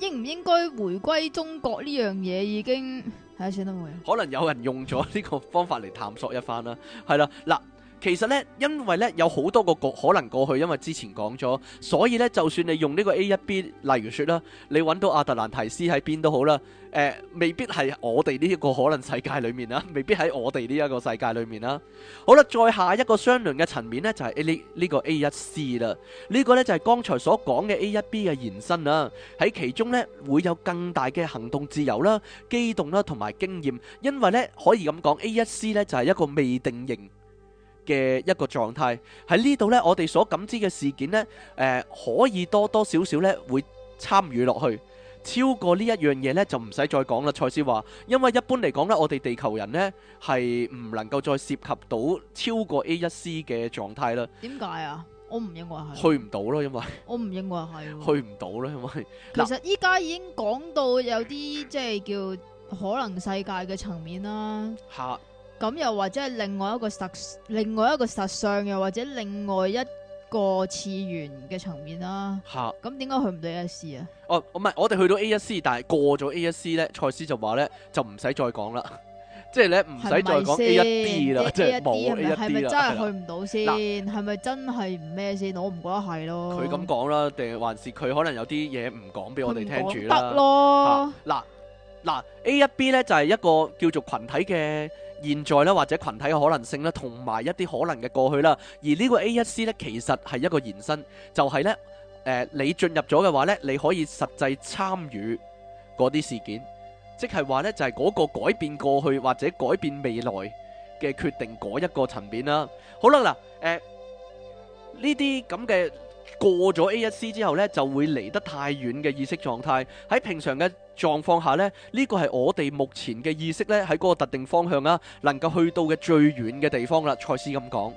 應唔應該回歸中國呢樣嘢已經睇錢都冇可能有人用咗呢個方法嚟探索一番啦，係啦嗱。其實咧，因為咧有好多個局可能過去，因為之前講咗，所以咧就算你用呢個 A 一 B，例如說啦，你搵到阿特蘭提斯喺邊都好啦，誒，未必係我哋呢一個可能世界裏面啦，未必喺我哋呢一個世界裏面啦。好啦，再下一個相聯嘅層面咧，就係呢呢個 A 一 C 啦，呢個咧就係剛才所講嘅 A 一 B 嘅延伸啊，喺其中咧會有更大嘅行動自由啦、機動啦同埋經驗，因為咧可以咁講，A 一 C 咧就係一個未定型。嘅一個狀態喺呢度呢，我哋所感知嘅事件呢，誒、呃、可以多多少少呢會參與落去。超過呢一樣嘢呢，就唔使再講啦。賽斯話，因為一般嚟講呢，我哋地球人呢，係唔能夠再涉及到超過 A 一 C 嘅狀態啦。點解啊？我唔認為係去唔到咯，因為我唔認為係去唔到咯，因為其實依家已經講到有啲即係叫可能世界嘅層面啦。嚇！咁又或者係另外一個實另外一個實相，又或者另外一個次元嘅層面啦。吓，咁點解去唔到 A 一 C 啊？哦，唔係，我哋去到 A 一 C，但係過咗 A 一 C 咧，賽斯就話咧就唔使再講啦，即係咧唔使再講 A 一 B 啦，即係冇呢一係咪真係去唔到先？係咪真係唔咩先？我唔覺得係咯。佢咁講啦，定還是佢可能有啲嘢唔講俾我哋聽住啦。嗱嗱 A 一 B 咧就係一個叫做群體嘅。現在咧，或者群體嘅可能性咧，同埋一啲可能嘅過去啦。而呢個 A 一 C 咧，其實係一個延伸，就係、是、咧，誒、呃，你進入咗嘅話咧，你可以實際參與嗰啲事件，即係話呢就係嗰個改變過去或者改變未來嘅決定嗰一個層面啦。好啦，嗱、呃，誒，呢啲咁嘅。過咗 A 一 C 之後呢，就會離得太遠嘅意識狀態。喺平常嘅狀況下呢，呢個係我哋目前嘅意識呢，喺嗰個特定方向啊，能夠去到嘅最遠嘅地方啦。賽斯咁講，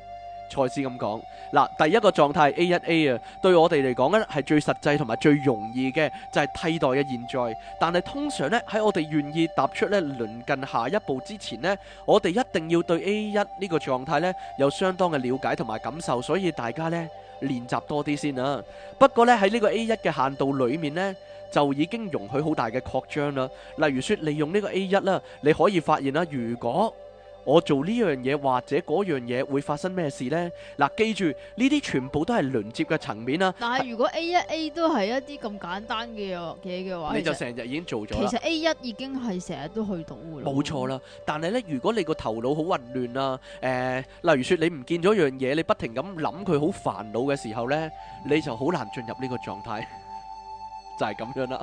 賽斯咁講。嗱，第一個狀態 A 一 A 啊，對我哋嚟講呢，係最實際同埋最容易嘅，就係替代嘅現在。但係通常呢，喺我哋願意踏出呢鄰近下一步之前呢，我哋一定要對 A 一呢個狀態呢，有相當嘅了解同埋感受。所以大家呢。練習多啲先啊。不過呢，喺呢個 A 一嘅限度裏面呢，就已經容許好大嘅擴張啦。例如說，利用呢個 A 一啦，你可以發現啦，如果我做呢樣嘢或者嗰樣嘢，會發生咩事呢？嗱、啊，記住呢啲全部都係連接嘅層面啊。但係如果 A 一 A 都係一啲咁簡單嘅嘢嘅話，你就成日已經做咗。其實 A 一已經係成日都去到噶啦，冇錯啦，但係呢，如果你個頭腦好混亂啊，誒、呃，例如說你唔見咗樣嘢，你不停咁諗佢，好煩惱嘅時候呢，你就好難進入呢個狀態，就係、是、咁樣啦。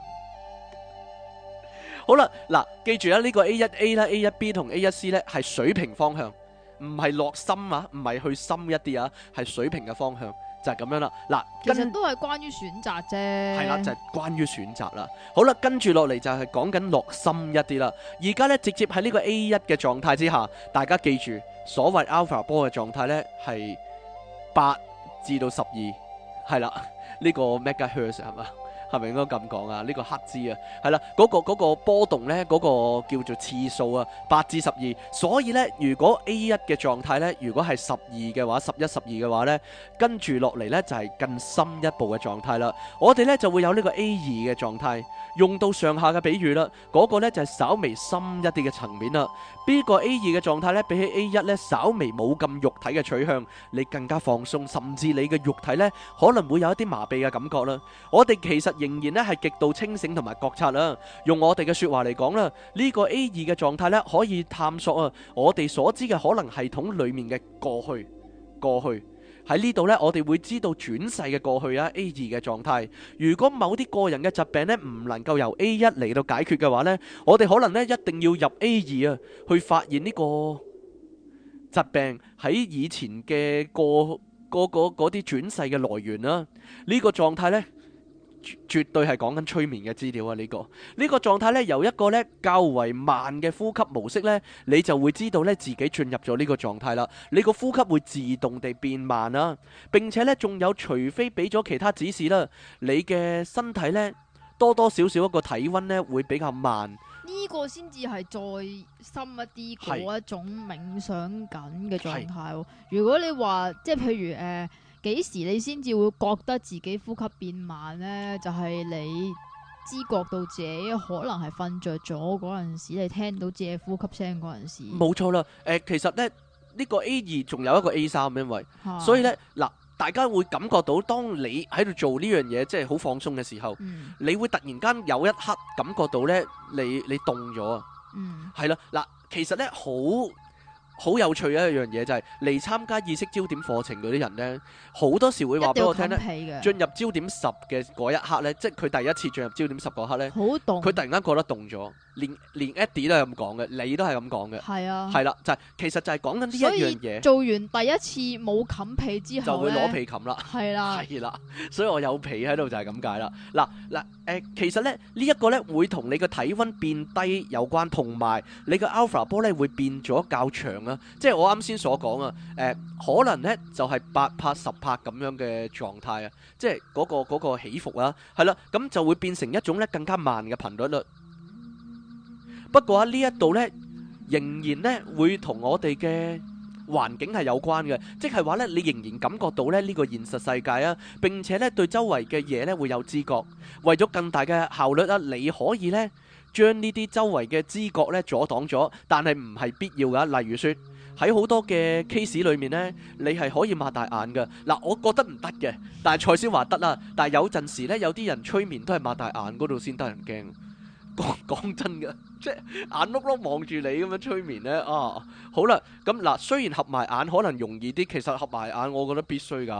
好啦，嗱，記住啦、啊，呢、這個 A 一 A 啦，A 一 B 同 A 一 C 咧係水平方向，唔係落深啊，唔係去深一啲啊，係水平嘅方向就係、是、咁樣啦。嗱，其實都係關於選擇啫。係啦，就係、是、關於選擇啦。好啦，跟住落嚟就係講緊落深一啲啦。而家咧直接喺呢個 A 一嘅狀態之下，大家記住，所謂 alpha 波嘅狀態咧係八至到十二，係啦，呢、這個 Mega Hertz 係嘛。係咪應該咁講、這個、啊？呢、那個黑字啊，係啦，嗰個個波動呢，嗰、那個叫做次數啊，八至十二。12，所以呢，如果 A 一嘅狀態呢，如果係十二嘅話，十一、十二嘅話呢，跟住落嚟呢，就係、是、更深一步嘅狀態啦。我哋呢，就會有呢個 A 二嘅狀態，用到上下嘅比喻啦，嗰、那個呢，就係、是、稍微深一啲嘅層面啦。邊個 A 二嘅狀態呢？比起 A 一呢，稍微冇咁肉體嘅取向，你更加放鬆，甚至你嘅肉體呢，可能會有一啲麻痹嘅感覺啦。我哋其實。仍然咧係極度清醒同埋覺察啦。用我哋嘅說話嚟講啦，呢個 A 二嘅狀態咧可以探索啊，我哋所知嘅可能系統裏面嘅過去，過去喺呢度咧，我哋會知道轉世嘅過去啊。A 二嘅狀態，如果某啲個人嘅疾病咧唔能夠由 A 一嚟到解決嘅話咧，我哋可能咧一定要入 A 二啊，去發現呢個疾病喺以前嘅個嗰個嗰啲轉世嘅來源啦。呢個狀態咧，絕對係講緊催眠嘅資料啊！呢、呢個呢、呢個狀態呢，由一個呢較為慢嘅呼吸模式呢，你就會知道呢自己進入咗呢個狀態啦。你個呼吸會自動地變慢啦，啊，並且呢，仲有，除非俾咗其他指示啦，你嘅身體呢，多多少少一個體溫呢會比較慢。呢個先至係再深一啲嗰一種是冥想緊嘅狀態，啊。是是如果你話即係譬如誒。呃幾時你先至會覺得自己呼吸變慢呢？就係、是、你知覺到自己可能係瞓着咗嗰陣時，你聽到自己呼吸聲嗰陣時。冇錯啦，誒、呃，其實咧呢、這個 A 二仲有一個 A 三，因爲的所以呢，嗱，大家會感覺到當你喺度做呢樣嘢，即係好放鬆嘅時候，嗯、你會突然間有一刻感覺到呢，你你凍咗啊，係啦、嗯，嗱，其實呢，好。好有趣嘅一樣嘢就係嚟參加意識焦點課程嗰啲人呢，好多時會話俾我聽呢，進入焦點十嘅嗰一刻呢，即係佢第一次進入焦點十嗰刻呢，好凍，佢突然間覺得凍咗。連連、e、Eddie 都係咁講嘅，你都係咁講嘅，係啊，係啦，就係、是、其實就係講緊呢一樣嘢，做完第一次冇冚被之後，就會攞被冚啦，係啦、啊，係啦， 所以我有被喺度就係咁解啦。嗱嗱，誒、呃，其實咧呢一、這個咧會同你個體溫變低有關，同埋你個 alpha 波咧會變咗較長啊，即係我啱先所講啊，誒、呃，可能咧就係八拍十拍咁樣嘅狀態啊，即係嗰、那個、那個起伏啊，係啦，咁就會變成一種咧更加慢嘅頻率啦。不過啊，呢一度呢，仍然呢會同我哋嘅環境係有關嘅，即係話呢，你仍然感覺到呢呢個現實世界啊，並且呢對周圍嘅嘢呢會有知覺。為咗更大嘅效率啊，你可以呢將呢啲周圍嘅知覺呢阻擋咗，但係唔係必要噶。例如說喺好多嘅 case 裏面呢，你係可以擘大眼噶。嗱，我覺得唔得嘅，但係蔡先話得啦。但係有陣時呢，有啲人催眠都係擘大眼嗰度先得人驚。講講真噶，即係眼碌碌望住你咁樣催眠咧啊！好啦，咁嗱，雖然合埋眼可能容易啲，其實合埋眼我覺得必須噶。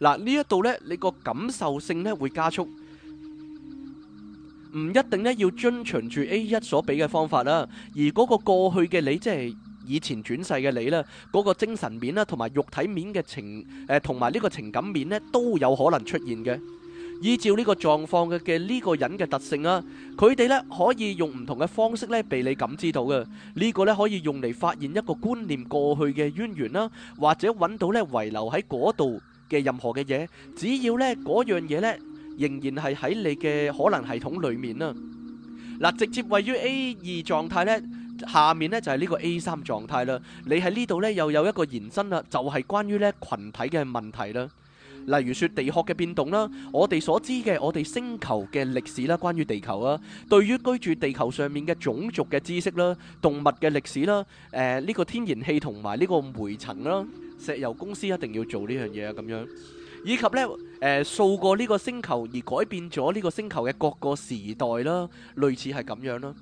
嗱呢一度咧，你個感受性咧會加速，唔一定咧要遵循住 A 一所俾嘅方法啦。而嗰個過去嘅你，即係以前轉世嘅你啦，嗰個精神面啦，同埋肉體面嘅情誒，同埋呢個情感面咧，都有可能出現嘅。依照呢個狀況嘅嘅呢個人嘅特性啊，佢哋呢可以用唔同嘅方式呢被你感知到嘅。呢個呢可以用嚟發現一個觀念過去嘅淵源啦，或者揾到呢遺留喺嗰度嘅任何嘅嘢，只要呢嗰樣嘢呢仍然係喺你嘅可能系統裏面啦。嗱，直接位於 A 二狀態呢，下面呢就係呢個 A 三狀態啦。你喺呢度呢又有一個延伸啦，就係關於呢群體嘅問題啦。例如說地殼嘅變動啦，我哋所知嘅我哋星球嘅歷史啦，關於地球啦，對於居住地球上面嘅種族嘅知識啦，動物嘅歷史啦，誒、呃、呢、呢個天然氣同埋呢個煤層啦，石油公司一定要做呢樣嘢啊，咁樣以及呢誒數、呃、過呢個星球而改變咗呢個星球嘅各個時代啦，類似係咁樣啦。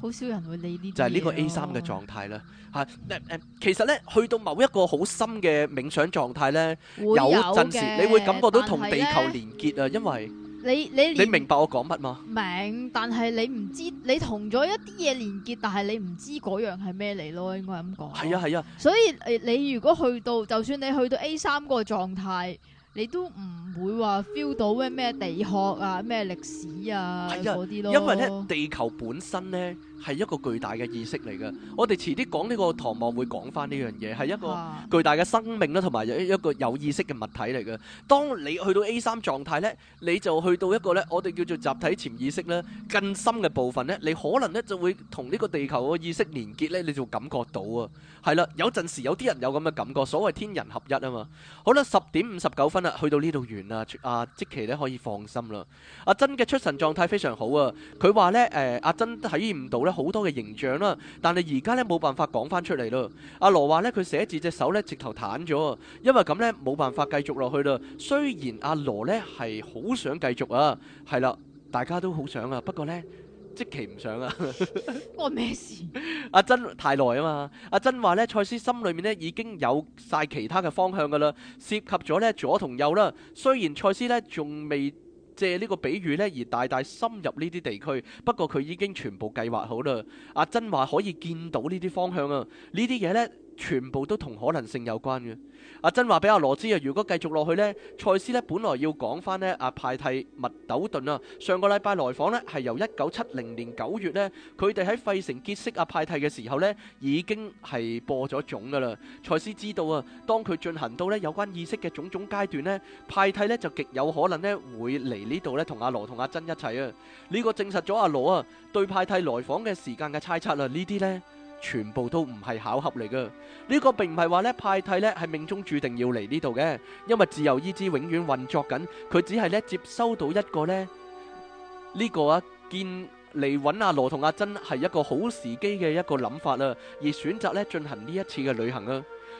好少人會理呢啲，就係呢個 A 三嘅狀態啦。吓。誒誒，其實咧去到某一個好深嘅冥想狀態咧，有陣時你會感覺到同地球連結啊，因為你你你明白我講乜嘛？明，但係你唔知你同咗一啲嘢連結，但係你唔知嗰樣係咩嚟咯，應該咁講。係啊係啊，啊所以誒，你如果去到，就算你去到 A 三個狀態。你都唔會話 feel 到咩咩地殼啊，咩歷史啊，嗰啲咯，因為咧地球本身咧。係一個巨大嘅意識嚟嘅，我哋遲啲講呢個唐望會講翻呢樣嘢，係一個巨大嘅生命啦，同埋一一個有意識嘅物體嚟嘅。當你去到 A 三狀態呢，你就去到一個呢，我哋叫做集體潛意識呢，更深嘅部分呢，你可能呢就會同呢個地球嘅意識連結呢，你就感覺到啊。係啦，有陣時有啲人有咁嘅感覺，所謂天人合一啊嘛。好啦，十點五十九分啦，去到、啊、呢度完啦，阿即期呢可以放心啦。阿珍嘅出神狀態非常好啊，佢話呢，誒、呃，阿珍體驗唔到好多嘅形象啦，但係而家咧冇辦法講翻出嚟咯。阿羅話咧，佢寫字隻手咧直頭癱咗，因為咁咧冇辦法繼續落去啦。雖然阿羅咧係好想繼續啊，係啦，大家都好想啊，不過咧即期唔想啊。關 咩事？阿珍太耐啊嘛。阿珍話咧，賽斯心裏面咧已經有晒其他嘅方向噶啦，涉及咗咧左同右啦。雖然賽斯咧仲未。借呢個比喻呢，而大大深入呢啲地區。不過佢已經全部計劃好啦。阿珍話可以見到呢啲方向啊，呢啲嘢呢。全部都同可能性有關嘅。阿珍話俾阿羅知啊，如果繼續落去呢賽斯呢本來要講翻呢阿派蒂麥斗頓啊。上個禮拜來訪呢，係由一九七零年九月呢，佢哋喺費城結識阿派蒂嘅時候呢，已經係播咗種噶啦。賽斯知道啊，當佢進行到呢有關意識嘅種種階段呢，派蒂呢就極有可能呢會嚟呢度呢，同阿羅同阿珍一齊啊。呢個證實咗阿羅啊對派蒂來訪嘅時間嘅猜測啦。呢啲呢。全部都唔係巧合嚟噶，呢、這個並唔係話咧派替咧係命中注定要嚟呢度嘅，因為自由意志永遠運作緊，佢只係咧接收到一個咧呢、這個啊見嚟揾阿羅同阿珍係一個好時機嘅一個諗法啦、啊，而選擇咧進行呢一次嘅旅行啊。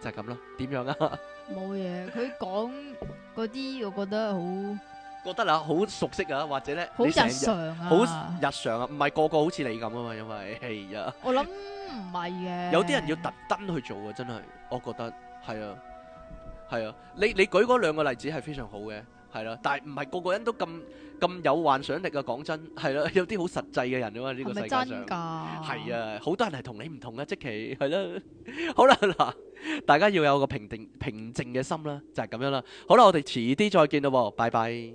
就係咁咯，點樣啊？冇嘢，佢講嗰啲我覺得好， 覺得啦，好熟悉啊，或者咧好日常啊，好日，日常啊，唔係個個好似你咁啊嘛，因為、哎、呀我諗唔係嘅，有啲人要特登去做啊，真係我覺得係啊，係啊，你你舉嗰兩個例子係非常好嘅。係咯，但係唔係個個人都咁咁有幻想力啊！講真，係咯，有啲好實際嘅人啊嘛，呢、這個世界上係啊，好多人係同你唔同嘅，即係係啦。好啦，嗱 大家要有個平定平靜嘅心啦，就係、是、咁樣啦。好啦，我哋遲啲再見啦，拜拜。